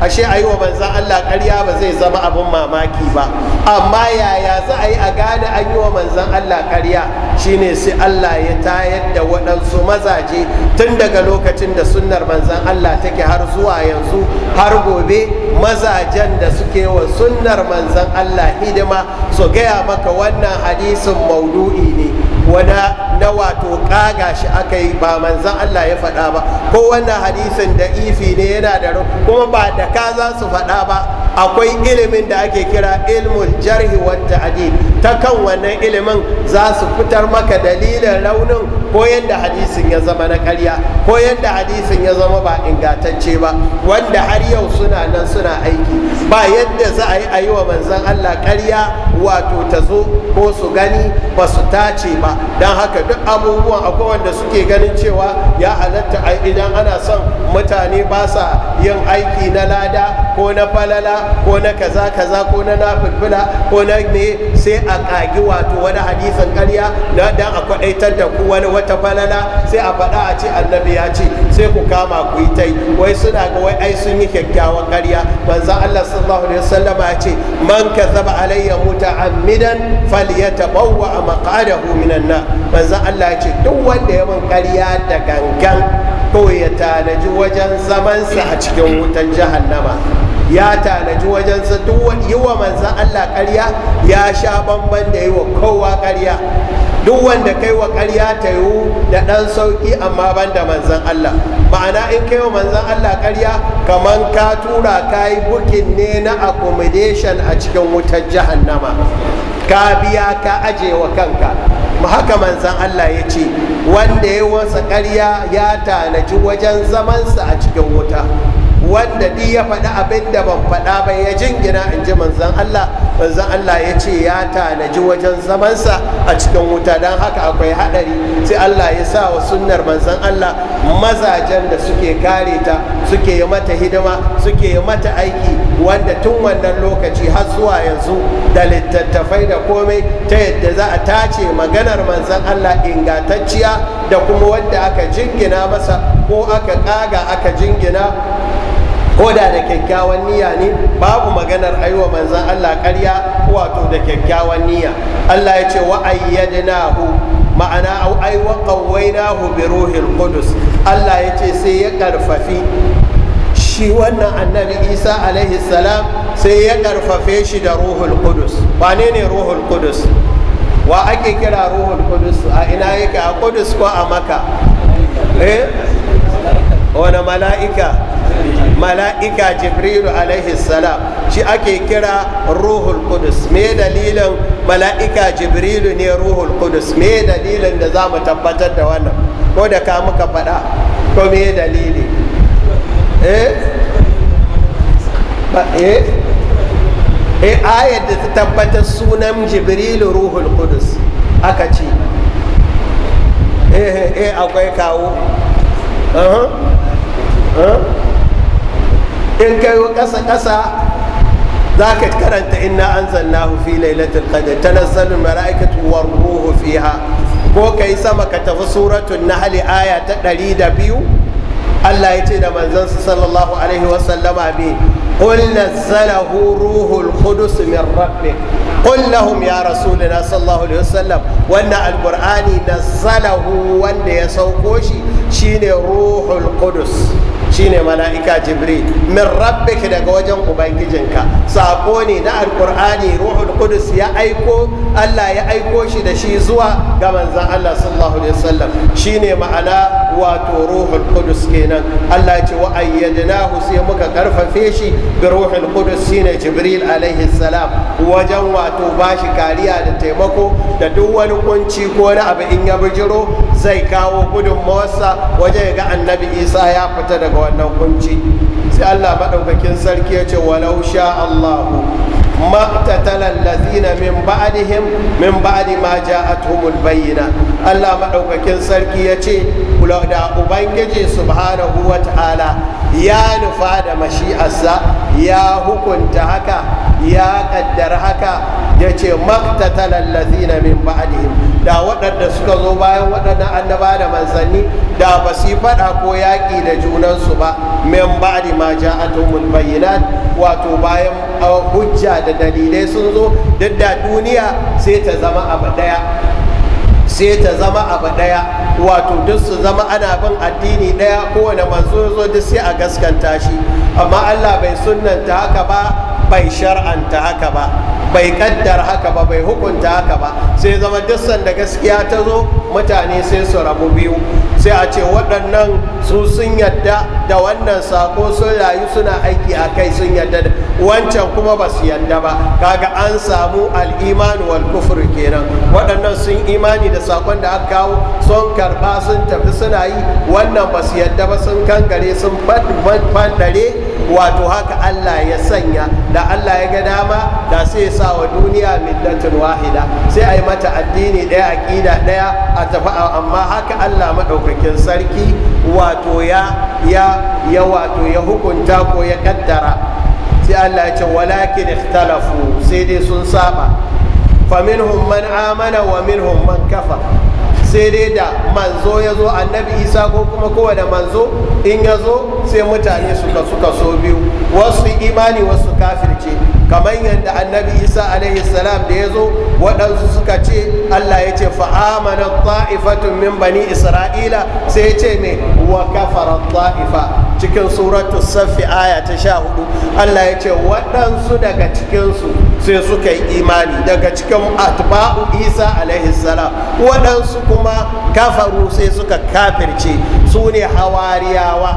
ashe a yi wa manzan Allah karya ba zai zama abin mamaki ba amma yaya za a yi a gane an yi wa manzan Allah ƙarya shine sai Allah ya tayar da waɗansu mazaje tun daga lokacin da sunnar manzan Allah take har zuwa yanzu har gobe mazajen da suke wa sunnar manzan Allah hidima su gaya maka wannan hadisin maudu'i ne wada na wato kaga shi aka yi ba manzan Allah ya faɗa ba ko wannan hadisin da ifi ne yana da kuma ba da ka za su faɗa ba akwai ilimin da ake kira ilmul jarhi wa ta'dil ta kan wannan ilimin za su fitar maka dalilin raunin ko yadda hadisin ya zama na karya ko yadda hadisin ya zama ba ingantacce ba wanda har yau suna nan suna aiki ba yadda za a yi a yi wa manzan Allah karya wato ta zo ko su gani ba su tace ba don haka duk abubuwan akwai wanda suke ganin cewa ya halatta idan ana son mutane ba sa yin aiki na lada ko na falala ko na kaza kaza ko na nafilfila ko na sai a kagi wato wani hadisin karya na dan a kwadaitar da ku wani wata falala sai a faɗa a ce annabi ya ce sai ku kama ku yi tai wai suna ga wai ai sun yi kyakkyawan karya manzo Allah sallallahu alaihi wasallama ya ce man kazaba alayya muta'ammidan falyatabawwa maq'adahu minan nar manzo Allah ya ce duk wanda ya mun karya da gangan to ya tanaji wajen zamansa a cikin wutan jahannama ya tanaji wajensa duk yi wa manzan Allah karya ya sha bamban da yi wa kowa karya. duk wanda kai wa ƙarya ta yiwu da ɗan sauki amma ban da manzan Allah ma'ana in kai wa manzan Allah karya kaman ka tura ka yi bukin ne na accommodation a cikin wutar jahannama ka biya ka aje wa kanka haka manzan Allah ya ce wanda ya wasa ƙarya ya tanaji wajen zamansa a cikin wuta wanda ɗi ya faɗi abin da ban faɗa ba ya jingina in ji manzan Allah manzan Allah ya ce ya tanaji wajen zamansa a cikin wuta don haka akwai haɗari sai Allah ya sa wa sunnar manzan Allah mazajen da suke kare ta suke yi mata hidima suke yi mata aiki wanda tun wannan lokaci har zuwa yanzu da littattafai da komai ta yadda za a tace maganar manzan Allah ingantacciya da kuma wanda aka jingina masa ko aka ƙaga aka jingina ko da da kyakkyawan niyya ne babu maganar aiwa manzan Allah ƙarya wato da kyakkyawan niyya Allah ya ce wa ayyadnahu ma'ana au ai wa qawwainahu bi ruhil qudus Allah ya ce sai ya karfafi shi wannan annabi Isa alaihi salam sai ya karfafe shi da ruhul qudus wane ne ruhul qudus wa ake kira ruhul qudus a ina yake a qudus ko a maka eh wani mala'ika mala'ika jibrilu alaihi salam shi ake kira ruhul kudus me dalilin mala'ika jibrilu ne ruhul kudus me dalilin da za mu tabbatar da wannan ko da ka muka faɗa ko me dalili eh eh eh ayar da ta tabbatar sunan jibrilu ruhul kudus aka ce eh eh, eh akwai kawo uh -huh. uh -huh. in kai ƙasa ƙasa za ka karanta inna anzalnahu fi lailatul qadr tanazzalu mala'ikatu war ruhu fiha ko kai sama ka tafi suratul nahl aya ta 102 Allah ya ce da su sallallahu alaihi wa sallama bi قل نزله روح القدس من ربك ya لهم يا رسولنا صلى الله عليه وسلم وان القران نزله وان shi شيني روح القدس shine mala'ika jibril min rabbika daga wajen ubangijinka sako ne na alkur'ani ruhul qudus ya aiko Allah ya aiko shi da shi zuwa ga manzon Allah sallallahu alaihi wasallam shine ma'ana wato ruhul qudus kenan Allah ya ce wa ayyadnahu sai muka karfafe shi bi ruhul qudus shine jibril alaihi salam wajen wato bashi kariya da taimako da duk wani kunci ko na abu in ya bijiro zai kawo gudunmawarsa wajen ga annabi isa ya fita daga wannan kunci sai allah maɗaukakin sarki ya ce walau sha allahu ma tattalin lazina min ba'adihim min ba'adi ma ja'atuhumul bayyina allah maɗaukakin sarki ya ce da ubangiji subhanahu wa ta'ala ya nufa da mashi'arsa ya hukunta haka ya kaddar haka ya ce maktatalar lazina min ba'adihim da waɗanda suka zo bayan waɗannan annaba da manzanni da ba su faɗa ko yaƙi da junansu ba min ba'di ma ja ja'atuhumul bayyinat wato bayan hujja da dalilai sun zo duk da duniya sai ta zama abu ɗaya sai ta zama abu ɗaya wato duk su zama ana bin addini ɗaya kowane manzo zo duk sai a gaskanta shi amma allah bai sunanta haka ba bai shar'anta haka ba bai kaddar haka ba bai hukunta haka ba sai zama duk da gaskiya ta zo mutane sai su rabu biyu sai a ce waɗannan su sun yadda da wannan sako sun rayu suna aiki a kai sun yadda da wancan kuma ba su yadda ba kaga an samu al'imanu wal kufur kenan waɗannan sun imani da sakon da aka kawo sun karɓa sun tafi suna yi wannan ba su yadda ba sun kangare sun fadare wato haka Allah ya sanya da Allah ya ga dama da sai ya sa wa duniya millatin wahida sai a yi mata addini ɗaya aƙida ɗaya a tafi amma haka Allah maɗaukakin sarki wato ya ya ya wato ya hukunta ko ya kaddara sai Allah ya ce walakin ikhtalafu sai dai sun saba faminhum man amana wa minhum man kafa. sai dai da manzo ya zo annabi isa ko kuma kowane manzo in ya zo sai mutane suka suka so biyu wasu imani wasu kafirce kamar yadda annabi isa alaihi salam da ya zo waɗansu suka ce allah ya ce fa'amana ta'ifatun min bani isra'ila sai ya ce mai wa kafara ta'ifa cikin suratu safi aya ta sha hudu allah ya ce waɗansu daga cikinsu sai suka yi imani daga cikin atba'u isa alaihi salam waɗansu kuma kafaru sai suka kafirce su ne hawariyawa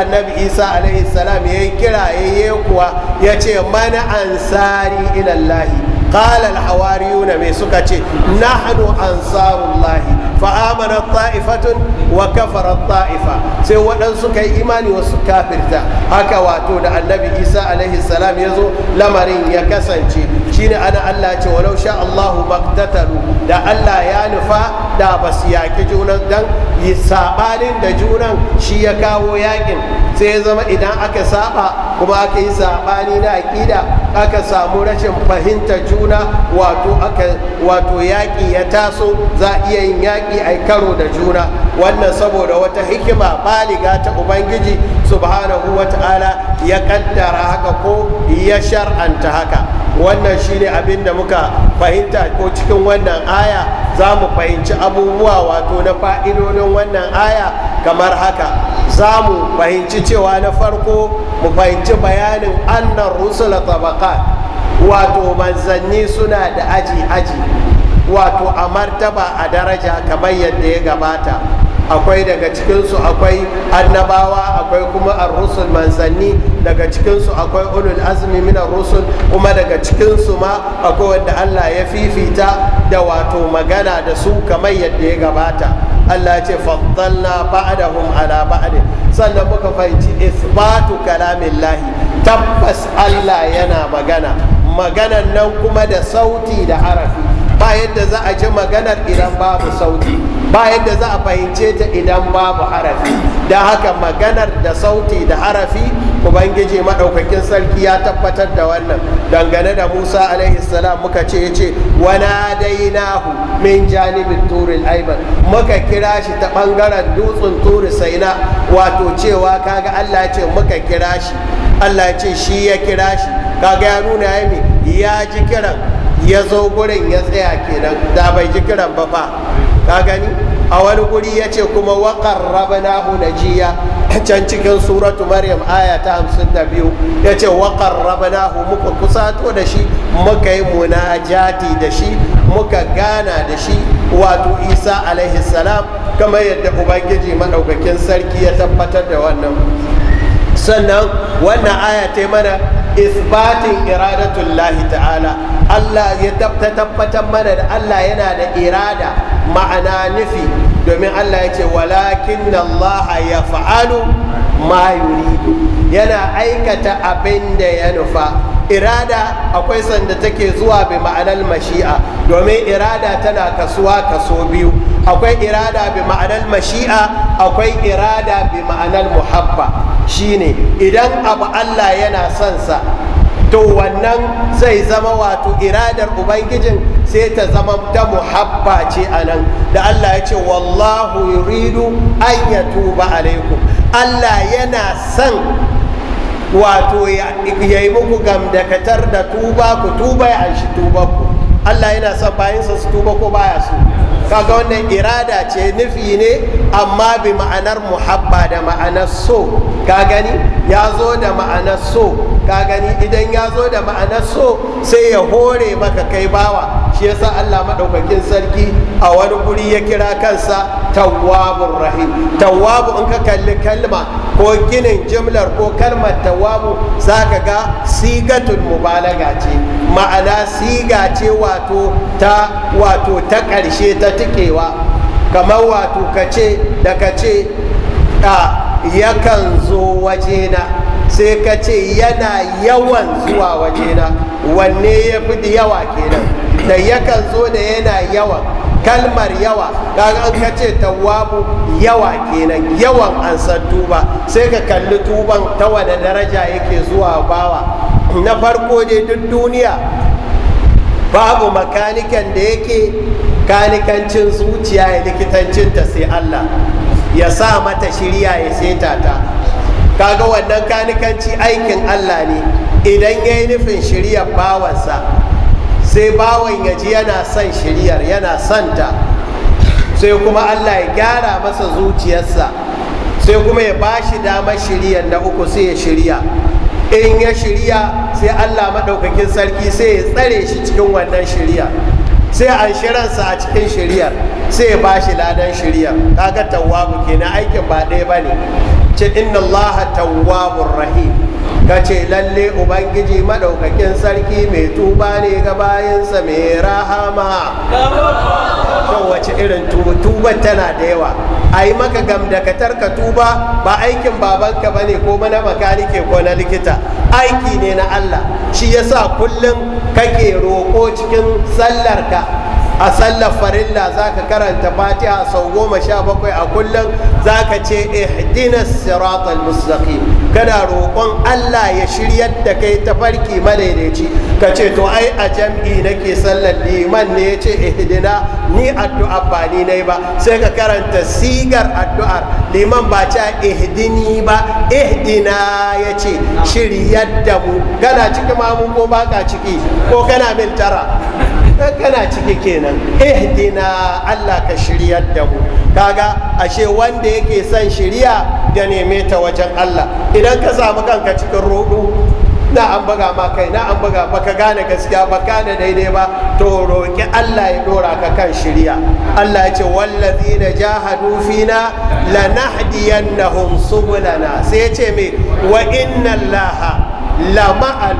annabi isa alaihi salam ya yi kira ya kuwa ya ce mana ansari ilallahi qala alhawariyuna mai suka ce nahnu ansarullahi fa'amana ta'ifatun wa kafarar ta'ifa sai waɗansu kai imani wasu kafirta haka wato da annabi isa alaihi salam ya zo lamarin ya kasance shine ana allah ce walau sha allahu maktatalu da allah ya nufa da ba su yaƙi junan dan yi saɓanin da junan shi ya kawo yaƙin sai ya zama idan aka saɓa kuma aka yi saɓani na aƙida aka samu rashin fahimtar juna wato yaƙi ya taso za a iya yin yaƙi yaƙi ai karo da juna wannan saboda wata hikima baliga ta ubangiji subhanahu ta'ala ya kaddara haka ko ya shar'anta haka wannan shine abin da muka fahimta ko cikin wannan aya za mu fahimci abubuwa wato na fa'idodin wannan aya kamar haka za mu fahimci cewa na farko mu fahimci bayanin annan rusula tabaka wato manzanni suna da aji aji wato a martaba a daraja kamar yadda ya gabata akwai daga cikinsu akwai annabawa akwai kuma ar-rusul manzanni daga cikinsu akwai ulul azmi min rusul kuma daga cikinsu ma akwai wanda Allah ya fifita da wato magana da su kamar yadda ya gabata Allah ya ce faddalna ba'dahum ala ba'd sannan muka fahimci isbatu kalamillahi tabbas Allah yana magana maganan nan kuma da sauti da harafi ba yadda za a ji maganar idan babu sauti ba yadda za a fahimce ta idan babu harafi da haka maganar da sauti da harafi ubangiji maɗaukakin sarki ya tabbatar da wannan dangane da musa alaihissalam muka ce ya ce wana nahu min janibin turin aiman muka kira shi ta ɓangaren dutsen turi na wato cewa kaga allah ce muka kira shi allah ce shi ya kira shi kaga ya nuna ya ya ji kiran ya zo gurin ya tsaya kenan da bai ji kiran ba fa ka gani a wani guri ya ce kuma waƙar rabanahu jiya can cikin suratu maryam aya ta hamsin da biyu ya ce waƙar rabanahu muka kusato da shi muka yi munajati da shi muka gana da shi wato isa alaihi salam kamar yadda ubangiji maɗaukakin sarki ya tabbatar da wannan sannan wannan aya ta mana isbatin iradatun lahi ta'ala Allah ya tabbatar mana da Allah yana da irada ma'ana nufi domin Allah ya ce walakin Allah ya fa'alu ma yuridu yana aikata abin da ya nufa irada akwai sanda take zuwa bi ma'anar mashi'a domin irada tana kasuwa kaso biyu akwai irada bi ma'anar mashi'a akwai irada bi ma'anar muhabba shine idan abu allah yana son sa to wannan zai zama wato iradar ubangijin sai ta zama ta muhabba ce a nan da allah ya ce wallahu yuridu an ya tuba alaikum allah yana son wato ya yi muku gamdakatar da tuba ku tuba ya anshi tuba ku Allah yana son bayansa su tuba ko baya so kaga wannan irada ce nufi ne amma bi ma'anar muhabba da ma'anar so ka gani ya zo da ma'anar so ka gani idan ya zo da ma'anar so sai ya hore maka kai bawa shi yasa Allah maɗaukakin sarki a wani guri ya kira kansa tawwabur rahim tawwabu in ka kalli kalma ko ginin jimlar ko kalmar tawabu za ka ga sigatun mubalaga ce ma'ana siga ce wato ta wato ta ƙarshe ta tikewa kamar wato ka ce da ka ce yakan zo wajena sai ka ce yana yawan zuwa wajena wanne ya fi yawa kenan da yakan zo da yana yawan kalmar yawa kaga an ka ce tawwabu yawa kenan yawan an san tuba sai ka kalli tuban ta wani daraja yake zuwa bawa na farko dai duk duniya babu makanikan da yake kanikancin zuciya ya likitancinta sai allah ya sa mata shirya ya seta ta kaga wannan kanikanci aikin allah ne idan ya yi nufin shirya bawansa sai bawan ya ji yana son shiriyar yana santa sai kuma allah ya gyara masa zuciyarsa sai kuma ya bashi shi damar shiriyar na uku sai ya shirya in ya shirya sai allah maɗaukakin sarki sai ya tsare shi cikin wannan shirya sai an shiransa a cikin shiriyar sai ya bashi shi ladan shiriyar kaga tawwabu kenan aikin ba ɗaya ba ne ce inna allaha tawwabur rahim ka ce lalle ubangiji madaukakin sarki mai tuba ne ga bayansa mai rahama to wace irin tuba tana da yawa a yi maka gamdakatar ka tuba ba aikin babanka ba ne ko na makanike ko na likita aiki ne na allah shi yasa kullum kake roƙo cikin sallarka a sallar farilla za ka karanta fatiha sau goma sha bakwai a kullum za ka ce ihdinas siratal mustaqim kana roƙon allah ya shiryar da kai ta farki madaidaici ka ce to ai a jam'i nake sallar liman ne ya ce ihdina ni addu'a ba ni nai ba sai ka karanta sigar addu'ar liman ba ta ihdini ba ihdina ya ce shiryar da mu kana ciki mamun ko baka ciki ko kana min tara Eh, kana ciki kenan Eh dina Allah ka shiryar da mu kaga ashe wanda yake son shirya da neme ta wajen Allah idan ka samu kanka cikin rudu na an buga ma kai na an buga baka gane gaskiya ba gane daidai ba to roƙi Allah ya dora ka kan shirya Allah ya ce wallazi na jahadu fina lanahdiyannahum subulana sai ya ce me wa inna lama al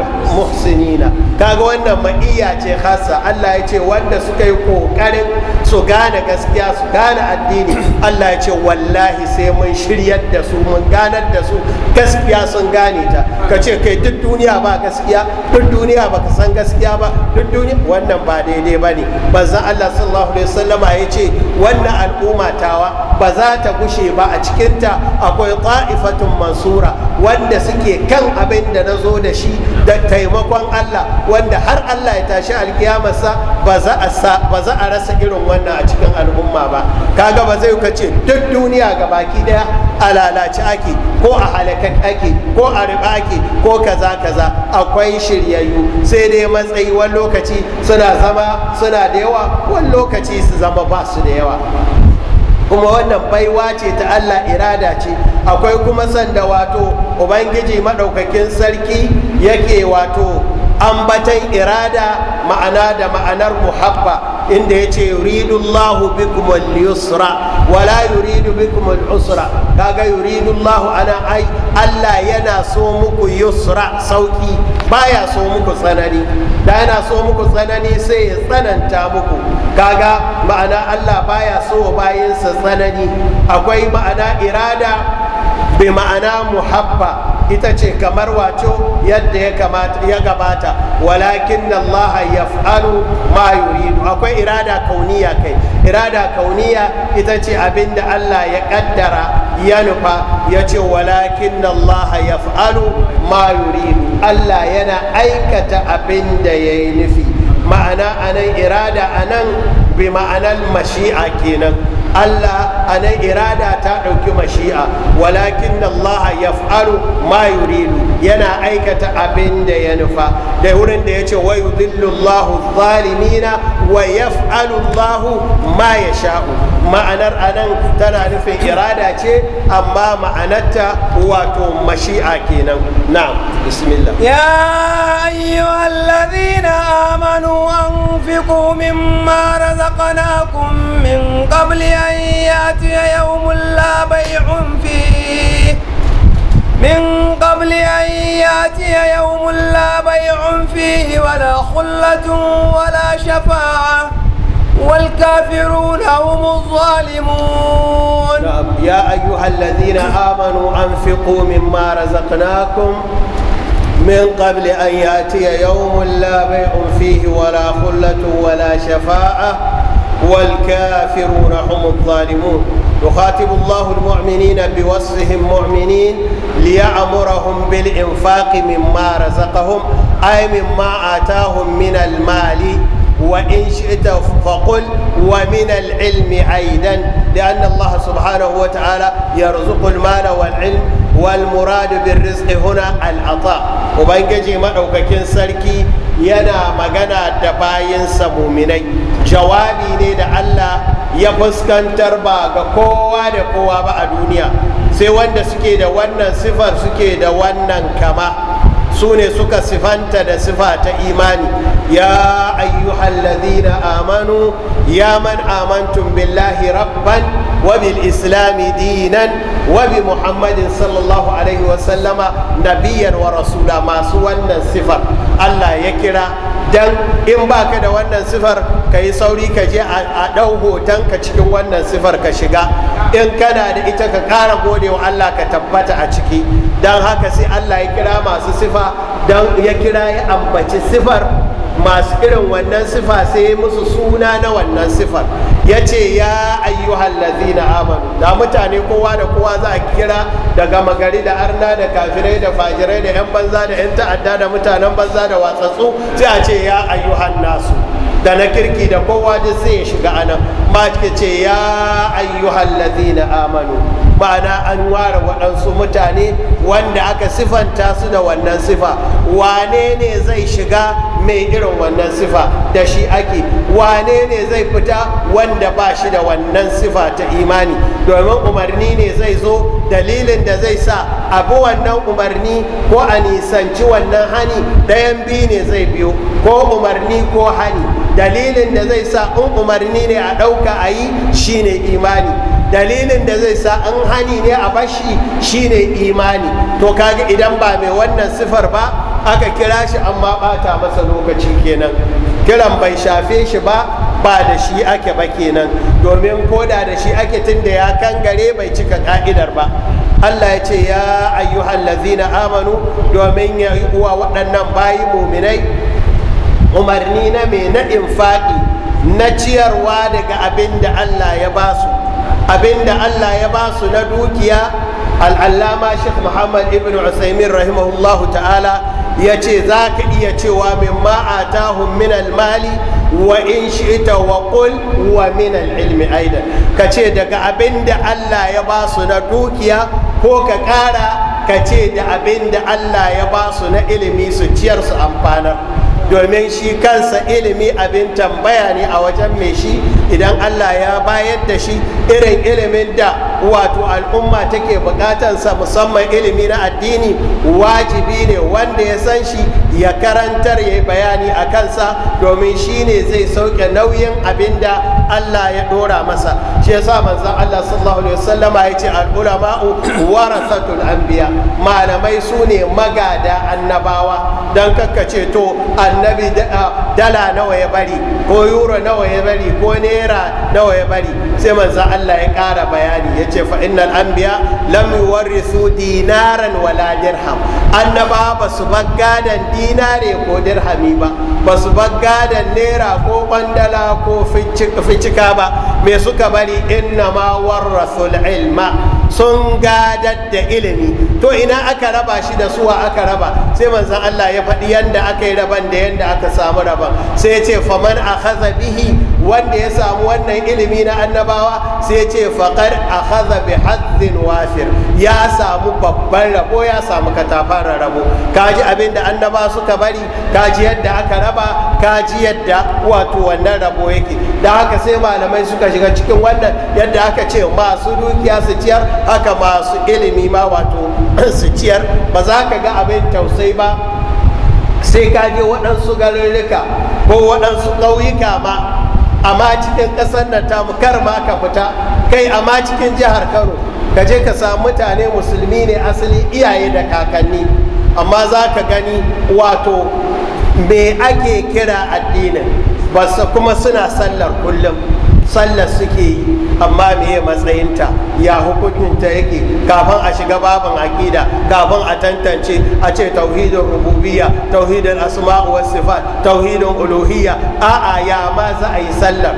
muhsinina kaga wannan ma'iya ce hasa Allah ya ce wanda suka yi ƙoƙarin su gane gaskiya su gane addini Allah ya ce wallahi sai mun shiryar da su mun ganar da su gaskiya sun gane ta ka ce kai duk duniya ba gaskiya duk duniya baka san gaskiya ba duk duniya wannan ba daidai ba ne bazan Allah sallallahu alaihi wasallama ya ce wannan al'umma tawa ba za ta gushe ba a cikinta akwai ta'ifatun mansura wanda suke kan abin da na zo da shi da taimakon Allah wanda har Allah ya tashi alkiyamarsa ba za a rasa irin wannan a cikin al'umma ba kaga ba zai ka ce duk duniya ga baki daya a lalace ake ko a halakar ake ko a riba ake ko kaza kaza akwai shiryayyu sai dai matsayi wani lokaci suna zama suna da yawa wani lokaci su zama ba su da yawa kuma wannan baiwa ce ta Allah irada ce akwai kuma sanda wato ubangiji maɗaukakin sarki yake wato Ambatai irada ma'ana da ma'anar muhabba inda ya ce yuridullahu bikum al-yusra wala yuridu bikum al-usra kaga yuridullahu ana ai Allah yana so muku yusra sauki baya so muku tsanani da yana so muku tsanani sai ya tsananta muku kaga ma'ana Allah baya so bayansa tsanani akwai ma'ana irada bi ma'ana muhabba ita ce kamar wato yadda ya gabata walakin Allah yaf'alu ma akwai irada kauniya kai irada kauniya ita ce abinda Allah ya kaddara ya nufa ya ce walakin Allah yaf'alu ma yuridu Allah yana aikata abinda yayi nufi ma'ana anan irada anan bi ma'anar mashi'a kenan Allah a nan irada ta ɗauki mashi'a walakin Allah ya faru ma yurilu yana aikata abin da ya nufa da wurin da ya ce wa yudillu Allahu zalimina wa Allahu ma ya sha'u ma'anar anan tana nufin irada ce amma ma'anarta wato mashi'a kenan na'am bismillah ya ayyuhalladhina amanu anfiqu mimma razaqnakum min qabli an yatiya yawmul la bay'un fi من قبل أن يأتي يوم لا بيع فيه ولا خلة ولا شفاعة والكافرون هم الظالمون يا أيها الذين آمنوا أنفقوا مما رزقناكم من قبل أن يأتي يوم لا بيع فيه ولا خلة ولا شفاعة والكافرون هم الظالمون يخاطب الله المؤمنين بوصفهم مؤمنين ليأمرهم بالإنفاق مما رزقهم أي مما آتاهم من المال وإن شئت فقل ومن العلم أيضا لأن الله سبحانه وتعالى يرزق المال والعلم والمراد بالرزق هنا العطاء وبين جي معك كن سركي ينا مغنى تباين سمومني جوابي نيد الله يفسكن تربا كوا كوا بأدونيا سيوان دا سكي وانا سفر سكي وانا كما su ne suka sifanta da sifa ta imani ya ayyuhalladhina amanu ya man amantum billahi rabban wa bil islami dinan wa bi muhammadin sallallahu alaihi wa sallama wa rasula masu wannan sifar allah ya kira dan in baka da wannan sifar ka yi sauri ka je a ɗau hoton ka cikin wannan sifar ka shiga in kana da ita ka ƙara gode allah ka tabbata a ciki don haka sai allah ya kira masu sifa don ya kira ya ambaci sifar masu irin wannan sifa sai musu suna na wannan sifar ya ce ya ayyuhal na amanu da mutane kowa da kowa za a kira daga magari da arna da kafirai da fajirai da yan banza da yan ta'adda da mutanen banza da watsatsu sai a ce ya ayyuhan nasu da na kirki da kowa duk ya shiga anan ma ce ya ayyuhal na amanu ma'ana an ware waɗansu mutane wanda aka sifanta su da wannan sifa wane ne zai shiga mai irin wannan sifa da shi ake wane ne zai fita wanda ba shi da wannan sifa ta imani domin umarni ne zai zo dalilin da zai sa abu wannan umarni ko a nisanci wannan hani ɗayan bi ne zai biyo ko umarni ko hani dalilin da zai sa in umarni ne a ɗauka a yi shi ne imani dalilin da zai sa an hani ne a bashi shine imani to kaga idan ba mai wannan sifar ba aka kira shi amma bata masa lokaci kenan kiran bai shafe shi ba ba da shi ake ba kenan domin koda da shi ake tun da ya kangare bai cika ka'idar ba Allah ya ce ya ayyuhan lazina amanu domin ya yi uwa waɗannan bayi muminai umarni na mai na infaɗi na ciyarwa daga abin da Allah ya ba su. abinda Allah ya ba su na dukiya al'allama Sheikh Muhammad ibn Usaimin rahimahullahu ta'ala ya ce za ka iya cewa min ma'atahun min mali wa in shi'ita wa qul wa min ilmi aida ka ce daga abinda Allah ya ba su na dukiya ko ka ƙara ka ce da abinda Allah ya ba su na ilimi su ciyar su amfanar domin shi kansa ilimi abin tambaya ne a wajen mai shi idan allah ya bayar da shi irin ilimin da wato al'umma take bukatansa musamman ilimi na addini wajibi ne wanda ya san shi ya karantar ya yi bayani a kansa domin shi ne zai sauke nauyin abin da allah ya dora masa shi ya sa manzan allah sallallahu alaihi wasallama ya ce al'ulama'u warasatul anbiya malamai su ne magada annabawa don kakkace to annabi dala nawa ya bari ko euro nawa ya bari ko naira nawa ya bari sai manzo Allah ya ƙara bayani ya ce fa innal anbiya lam yuwarrisu dinaran wala dirham annaba ba su baggadan dinare ko dirhami ba ba su baggadan naira ko kwandala ko ficika ba me suka bari inna ma warrasul ilma sun gadar da ilimi to ina aka raba shi da suwa aka raba sai manzan Allah ya faɗi yanda aka yi raban da yanda aka samu raban sai ya ce faman a bihi wanda ya samu wannan ilimi na annabawa sai ce faƙar a haza bi haddin wafir ya samu babban rabo ya samu katafaren rabo kaji abin da annaba suka bari kaji yadda aka raba kaji yadda wato wannan rabo yake da haka sai malamai suka shiga cikin wannan yadda aka ce masu dukiya su ciyar haka masu ilimi ma wato su ciyar ba za ka ga abin tausai ba sai ka ji waɗansu garurruka ko waɗansu ƙauyuka ba. amma cikin ƙasar nan ta kar ma ka fita kai amma cikin jihar kano ka je ka samu mutane musulmi ne asali iyaye da kakanni amma za ka gani wato me ake kira addinin ba kuma suna sallar kullum sallar suke yi amma meye matsayinta ya hukuncinta yake kafin a shiga babin akida kafin a tantance a ce tauhidin rububiya tauhidin asma'u wa sifat tauhidin uluhiya a'a ya ma za a yi sallar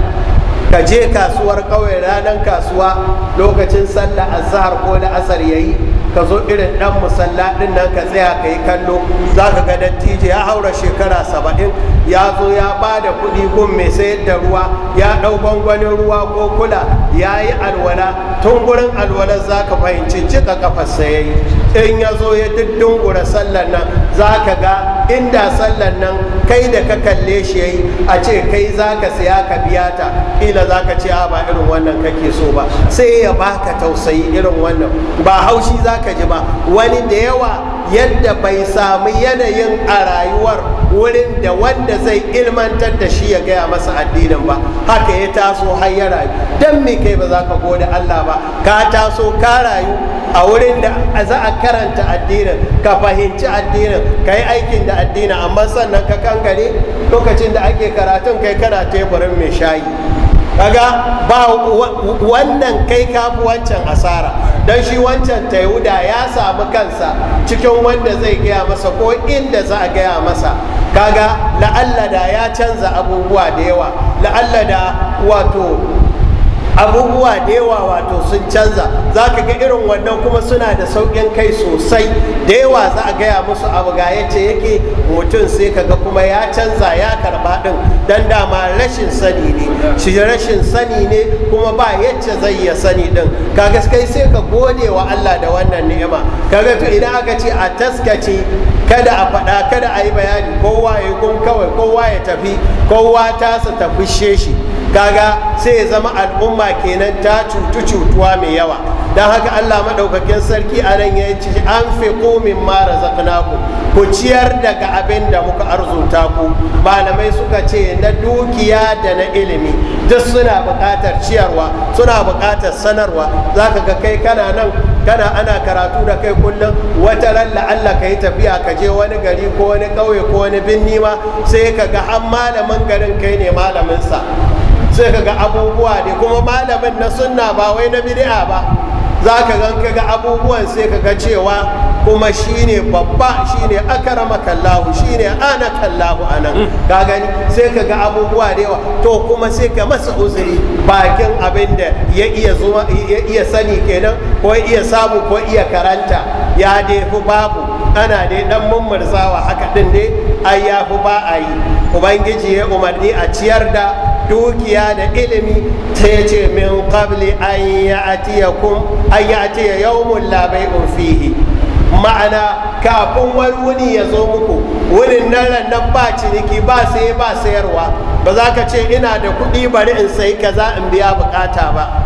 ka je kasuwar kawai ranar kasuwa lokacin sallar azhar ko da asar yayi ka zo irin dan musalladin nan ka tsaya ka yi kallo za ka ga dattijo ya haura shekara saba'in ya zo ya ba da kuɗi kun mai sayar da ruwa ya ɗau gwangwanin ruwa ko kula ya yi alwala tun gurin alwalar za ka fahimci cika kafar sayayi in ya zo ya dundungura sallar nan za ka ga inda sallar nan kai da ka kalle shi yayi a ce kai za ka siya ka biya ta kila za ka ce ba irin wannan kake so ba sai ya ba ka tausayi irin wannan ba haushi za ka ji ba wani da yawa yadda bai sami yanayin a rayuwar wurin da wanda zai ilmantar da shi ya gaya masa addinin ba haka ya taso har ya rayu don me kai ba za ka gode Allah ba ka taso ka rayu a wurin da za a karanta addinin ka fahimci addinin ka yi aikin da addinin amma sannan ka kankare lokacin da ake karatun kai kana teburin mai shayi kaga ba wannan kai kafi wancan asara don shi wancan taihuda ya samu kansa cikin wanda zai gaya masa ko inda za a gaya masa kaga la'allada ya canza abubuwa da yawa la'allada wato abubuwa da yawa wato sun canza za ka ga irin wannan kuma suna da saukin kai sosai da yawa za a gaya musu abu ga yace yake mutum sai ka ga kuma ya canza ya karba ɗin don dama rashin sani ne shi rashin sani ne kuma ba yacce zai ya sani ɗin ka gaskai sai ka gode wa Allah da wannan ni'ima kaga to idan aka ce a taskace kada a faɗa kada a yi bayani kowa ya gun kawai kowa ya tafi kowa ta su tafi sheshi kaga sai ya zama al'umma kenan ta cutu cutuwa mai yawa don haka allah maɗaukakin sarki a nan ya ci an fi komin mara zafina ku ciyar daga abin da muka arzuta ku malamai suka ce na dukiya da na ilimi duk suna buƙatar ciyarwa suna buƙatar sanarwa za ka ga kai kana nan kana ana karatu da kai kullum wata lalla allah ka yi tafiya ka je wani gari ko wani ƙauye ko wani binni ma sai ka ga an malamin garin kai ne malaminsa sai ka ga abubuwa ne kuma malamin na sunna ba wai na bid'a ba za ka gan ka ga abubuwan sai ka ga cewa kuma shine babba shine akarama kallahu shine ana kallahu anan mm. ka gani sai ka ga abubuwa da yawa to kuma sai ka masa uzuri bakin abin da ya iya zuwa ya iya sani kenan ko ya iya samu ko iya karanta ya dai fi babu ana dai dan mummurzawa haka din dai ai ya fi ba a yi ubangiji ya umarni a ciyar da dukiya da ilimi ta ce min kabli an kun an ya'tiya yawmun la bai'un fihi ma'ana kafin wani wuni ya zo muku wuni nan nan ba ciniki ba sai ba sayarwa ba za ka ce ina da kuɗi bari in sai kaza in biya bukata ba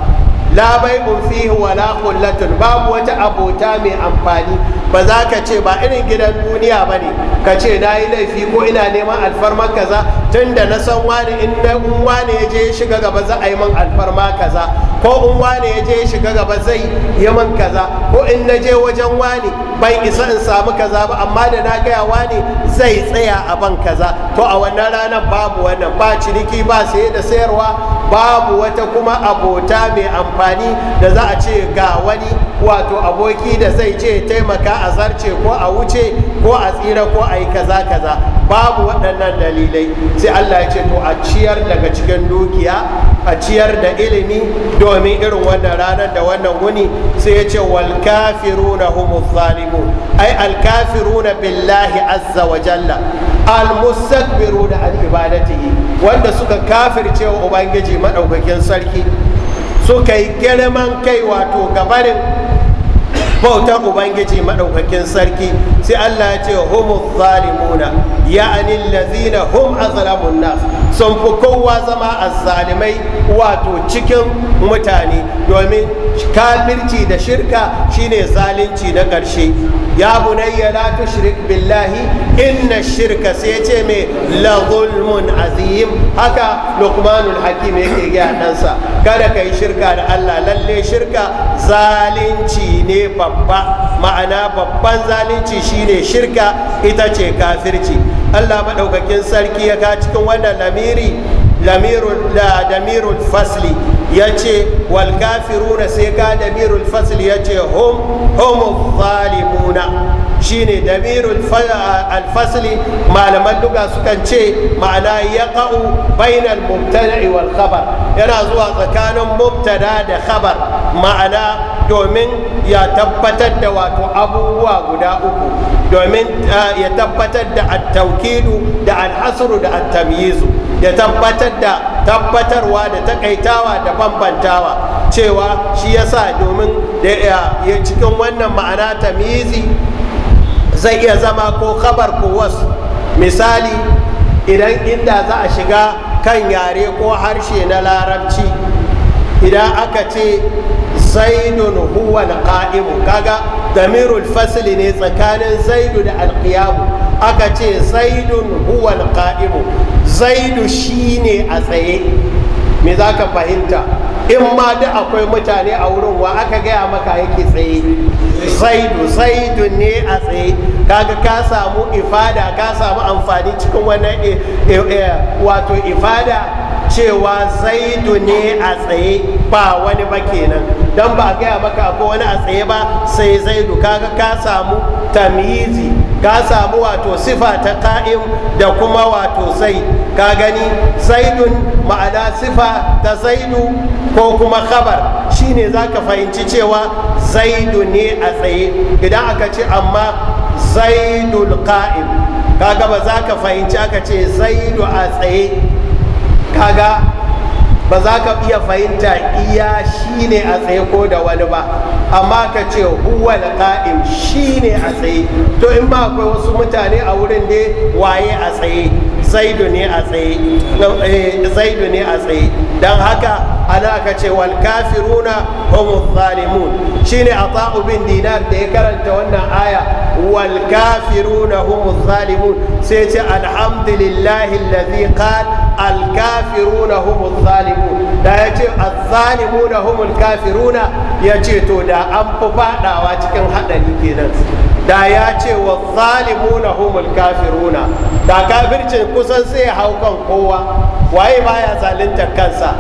la bai fihi wa la kullatun babu wata abota mai amfani ba za ka ce ba irin gidan duniya ba ne ka ce na yi laifi ko ina neman alfarma kaza tun da na san wani in da unwa ne ya je ya shiga gaba za a yi min alfarma kaza ko unwa ne ya je ya shiga gaba zai yi min kaza ko in na je wajen wani ban isa in samu kaza ba amma da na gaya ne, zai tsaya a ban kaza to a wannan ranar babu wannan ba ciniki ba saye da sayarwa babu wata kuma abota mai amfani da za a ce ga wani wato aboki da zai ce taimaka a zarce ko a wuce ko a tsira ko a yi kaza kaza babu waɗannan dalilai sai Allah ya ce to a ciyar daga cikin dukiya a ciyar da ilimi domin irin wannan ranar da wannan wuni sai ya ce wal kafiruna humu zalimu ai al kafiruna billahi azza wa jalla al mustakbiruna al ibadatihi wanda suka kafirce wa ubangiji madaukakin sarki suka yi girman kai wato gabarin bautan ubangiji maɗaukakin sarki sai Allah ya ce humu zalimuna ya'ani allazina hum azlamun nas sun fi kowa zama azzalimai wato cikin mutane domin kafirci da shirka shine zalunci na ƙarshe ya bunayya la tushrik billahi inna shirka sai ce mai la zulmun azim haka luqmanul hakim yake ga ɗansa kada kai shirka da Allah lalle shirka zalunci ne ba babba ma'ana babban zalunci shine shirka ita ce kafirci allah maɗaukakin sarki ya ka cikin wannan lamiri lamirun da damirul fasli ya ce wal kafiruna sai ka damirul fasli ya ce hum hum zalimuna ne damirul alfasli malaman duka sukan ce ma'ana ya ka'u bainal mubtada'i wal khabar yana zuwa tsakanin mubtada da khabar ma'ana domin ya tabbatar da wato abubuwa guda uku domin ah, ya tabbatar da attaukidu da alhasuru da attamyizu ya tabbatar da tabbatarwa da takaitawa da bambantawa cewa shi yasa domin ya cikin wannan ma'ana tamyizi zai iya zama ko kabar ko wasu misali idan inda za a shiga kan yare ko harshe na larabci idan aka ce zaidun huwa alqa'imu kaga damirul Fasili ne tsakanin zaidu da alqiyamu aka ce zaidun huwa ka'imu zaidu shine a tsaye me za ka fahimta in ma da akwai mutane a wurin wa aka gaya maka yake tsaye zaidu zaidu ne a tsaye kaga ka samu ifada ka samu amfani cikin wannan eh, eh, eh, wato ifada cewa zaidu ne a tsaye ba wani ba kenan don ba a gaya maka ko wani a tsaye ba sai zaidu kaga ka samu tamizi ka samu wato sifa ta ka'im da kuma wato zai ka gani zaidun ma'ana sifa ta zaidu ko kuma khabar shine za ka fahimci cewa zaidu ne a tsaye idan aka ce amma zaidul ka'im ka gaba za ka fahimci aka ce zaidu a tsaye kaga ba za ka iya fahimta iya shi a tsaye ko da wani ba amma ka ce da ka'im shi ne a tsaye to in ba akwai wasu mutane a wurin da waye a tsaye zaidu ne a tsaye eh, zaidu ne a tsaye don haka ana ka ce wal kafiruna homo zalimun shine ata'u bin dinar da ya karanta wannan aya wal kafiruna homo zalimun sai ce alhamdulillahi lalzi qala alkafiruna humul zalimu da ya ce azzalimuna humul kafiruna ya ce to da an fi fadawa cikin haɗari kenan da ya ce wa zalimuna humul kafiruna da kafircin kusan sai ya hau kan kowa waye ba ya zalunta kansa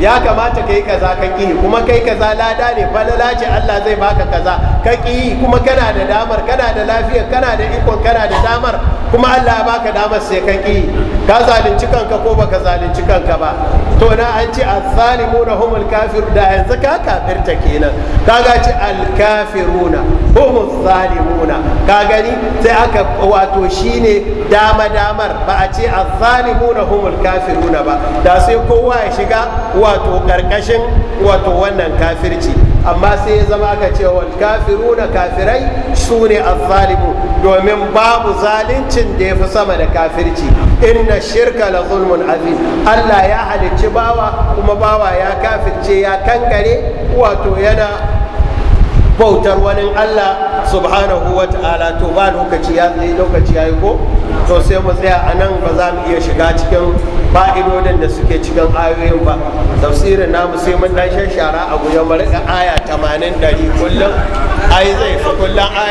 ya kamata ka yi kaza ka ƙi kuma kai kaza lada ne falala ce Allah zai baka kaza ka ƙi kuma kana da damar kana da lafiya kana da ikon kana da damar kuma Allah ya baka damar sai ka ƙi ka zalunci kanka ko baka zalunci kanka ba to na an ce azzalimuna humul kafir da yanzu ka kafirta kenan kaga ce al-kafiruna humul zalimuna ka gani sai aka wato shine dama damar ba a ce azzalimuna humul kafiruna ba da sai kowa ya shiga wato karkashin wato wannan kafirci amma sai ya zama ka ce wal na kafirai su ne azzalimu domin babu zalincin da ya fi sama da kafirci inna shirka la zulmun azim Allah ya halicci bawa kuma bawa ya kafirce ya kankare wato yana bautar wani Allah subhanahu wa ta'ala to ba lokaci ya lokaci ya yi ko to sai mu tsaya anan ba za mu iya shiga cikin fa'idodin da suke cikin ayoyin ba tafsirin namu sai mun dan shara a gujen mu aya 80 dari kullum ai zai fi kullum aya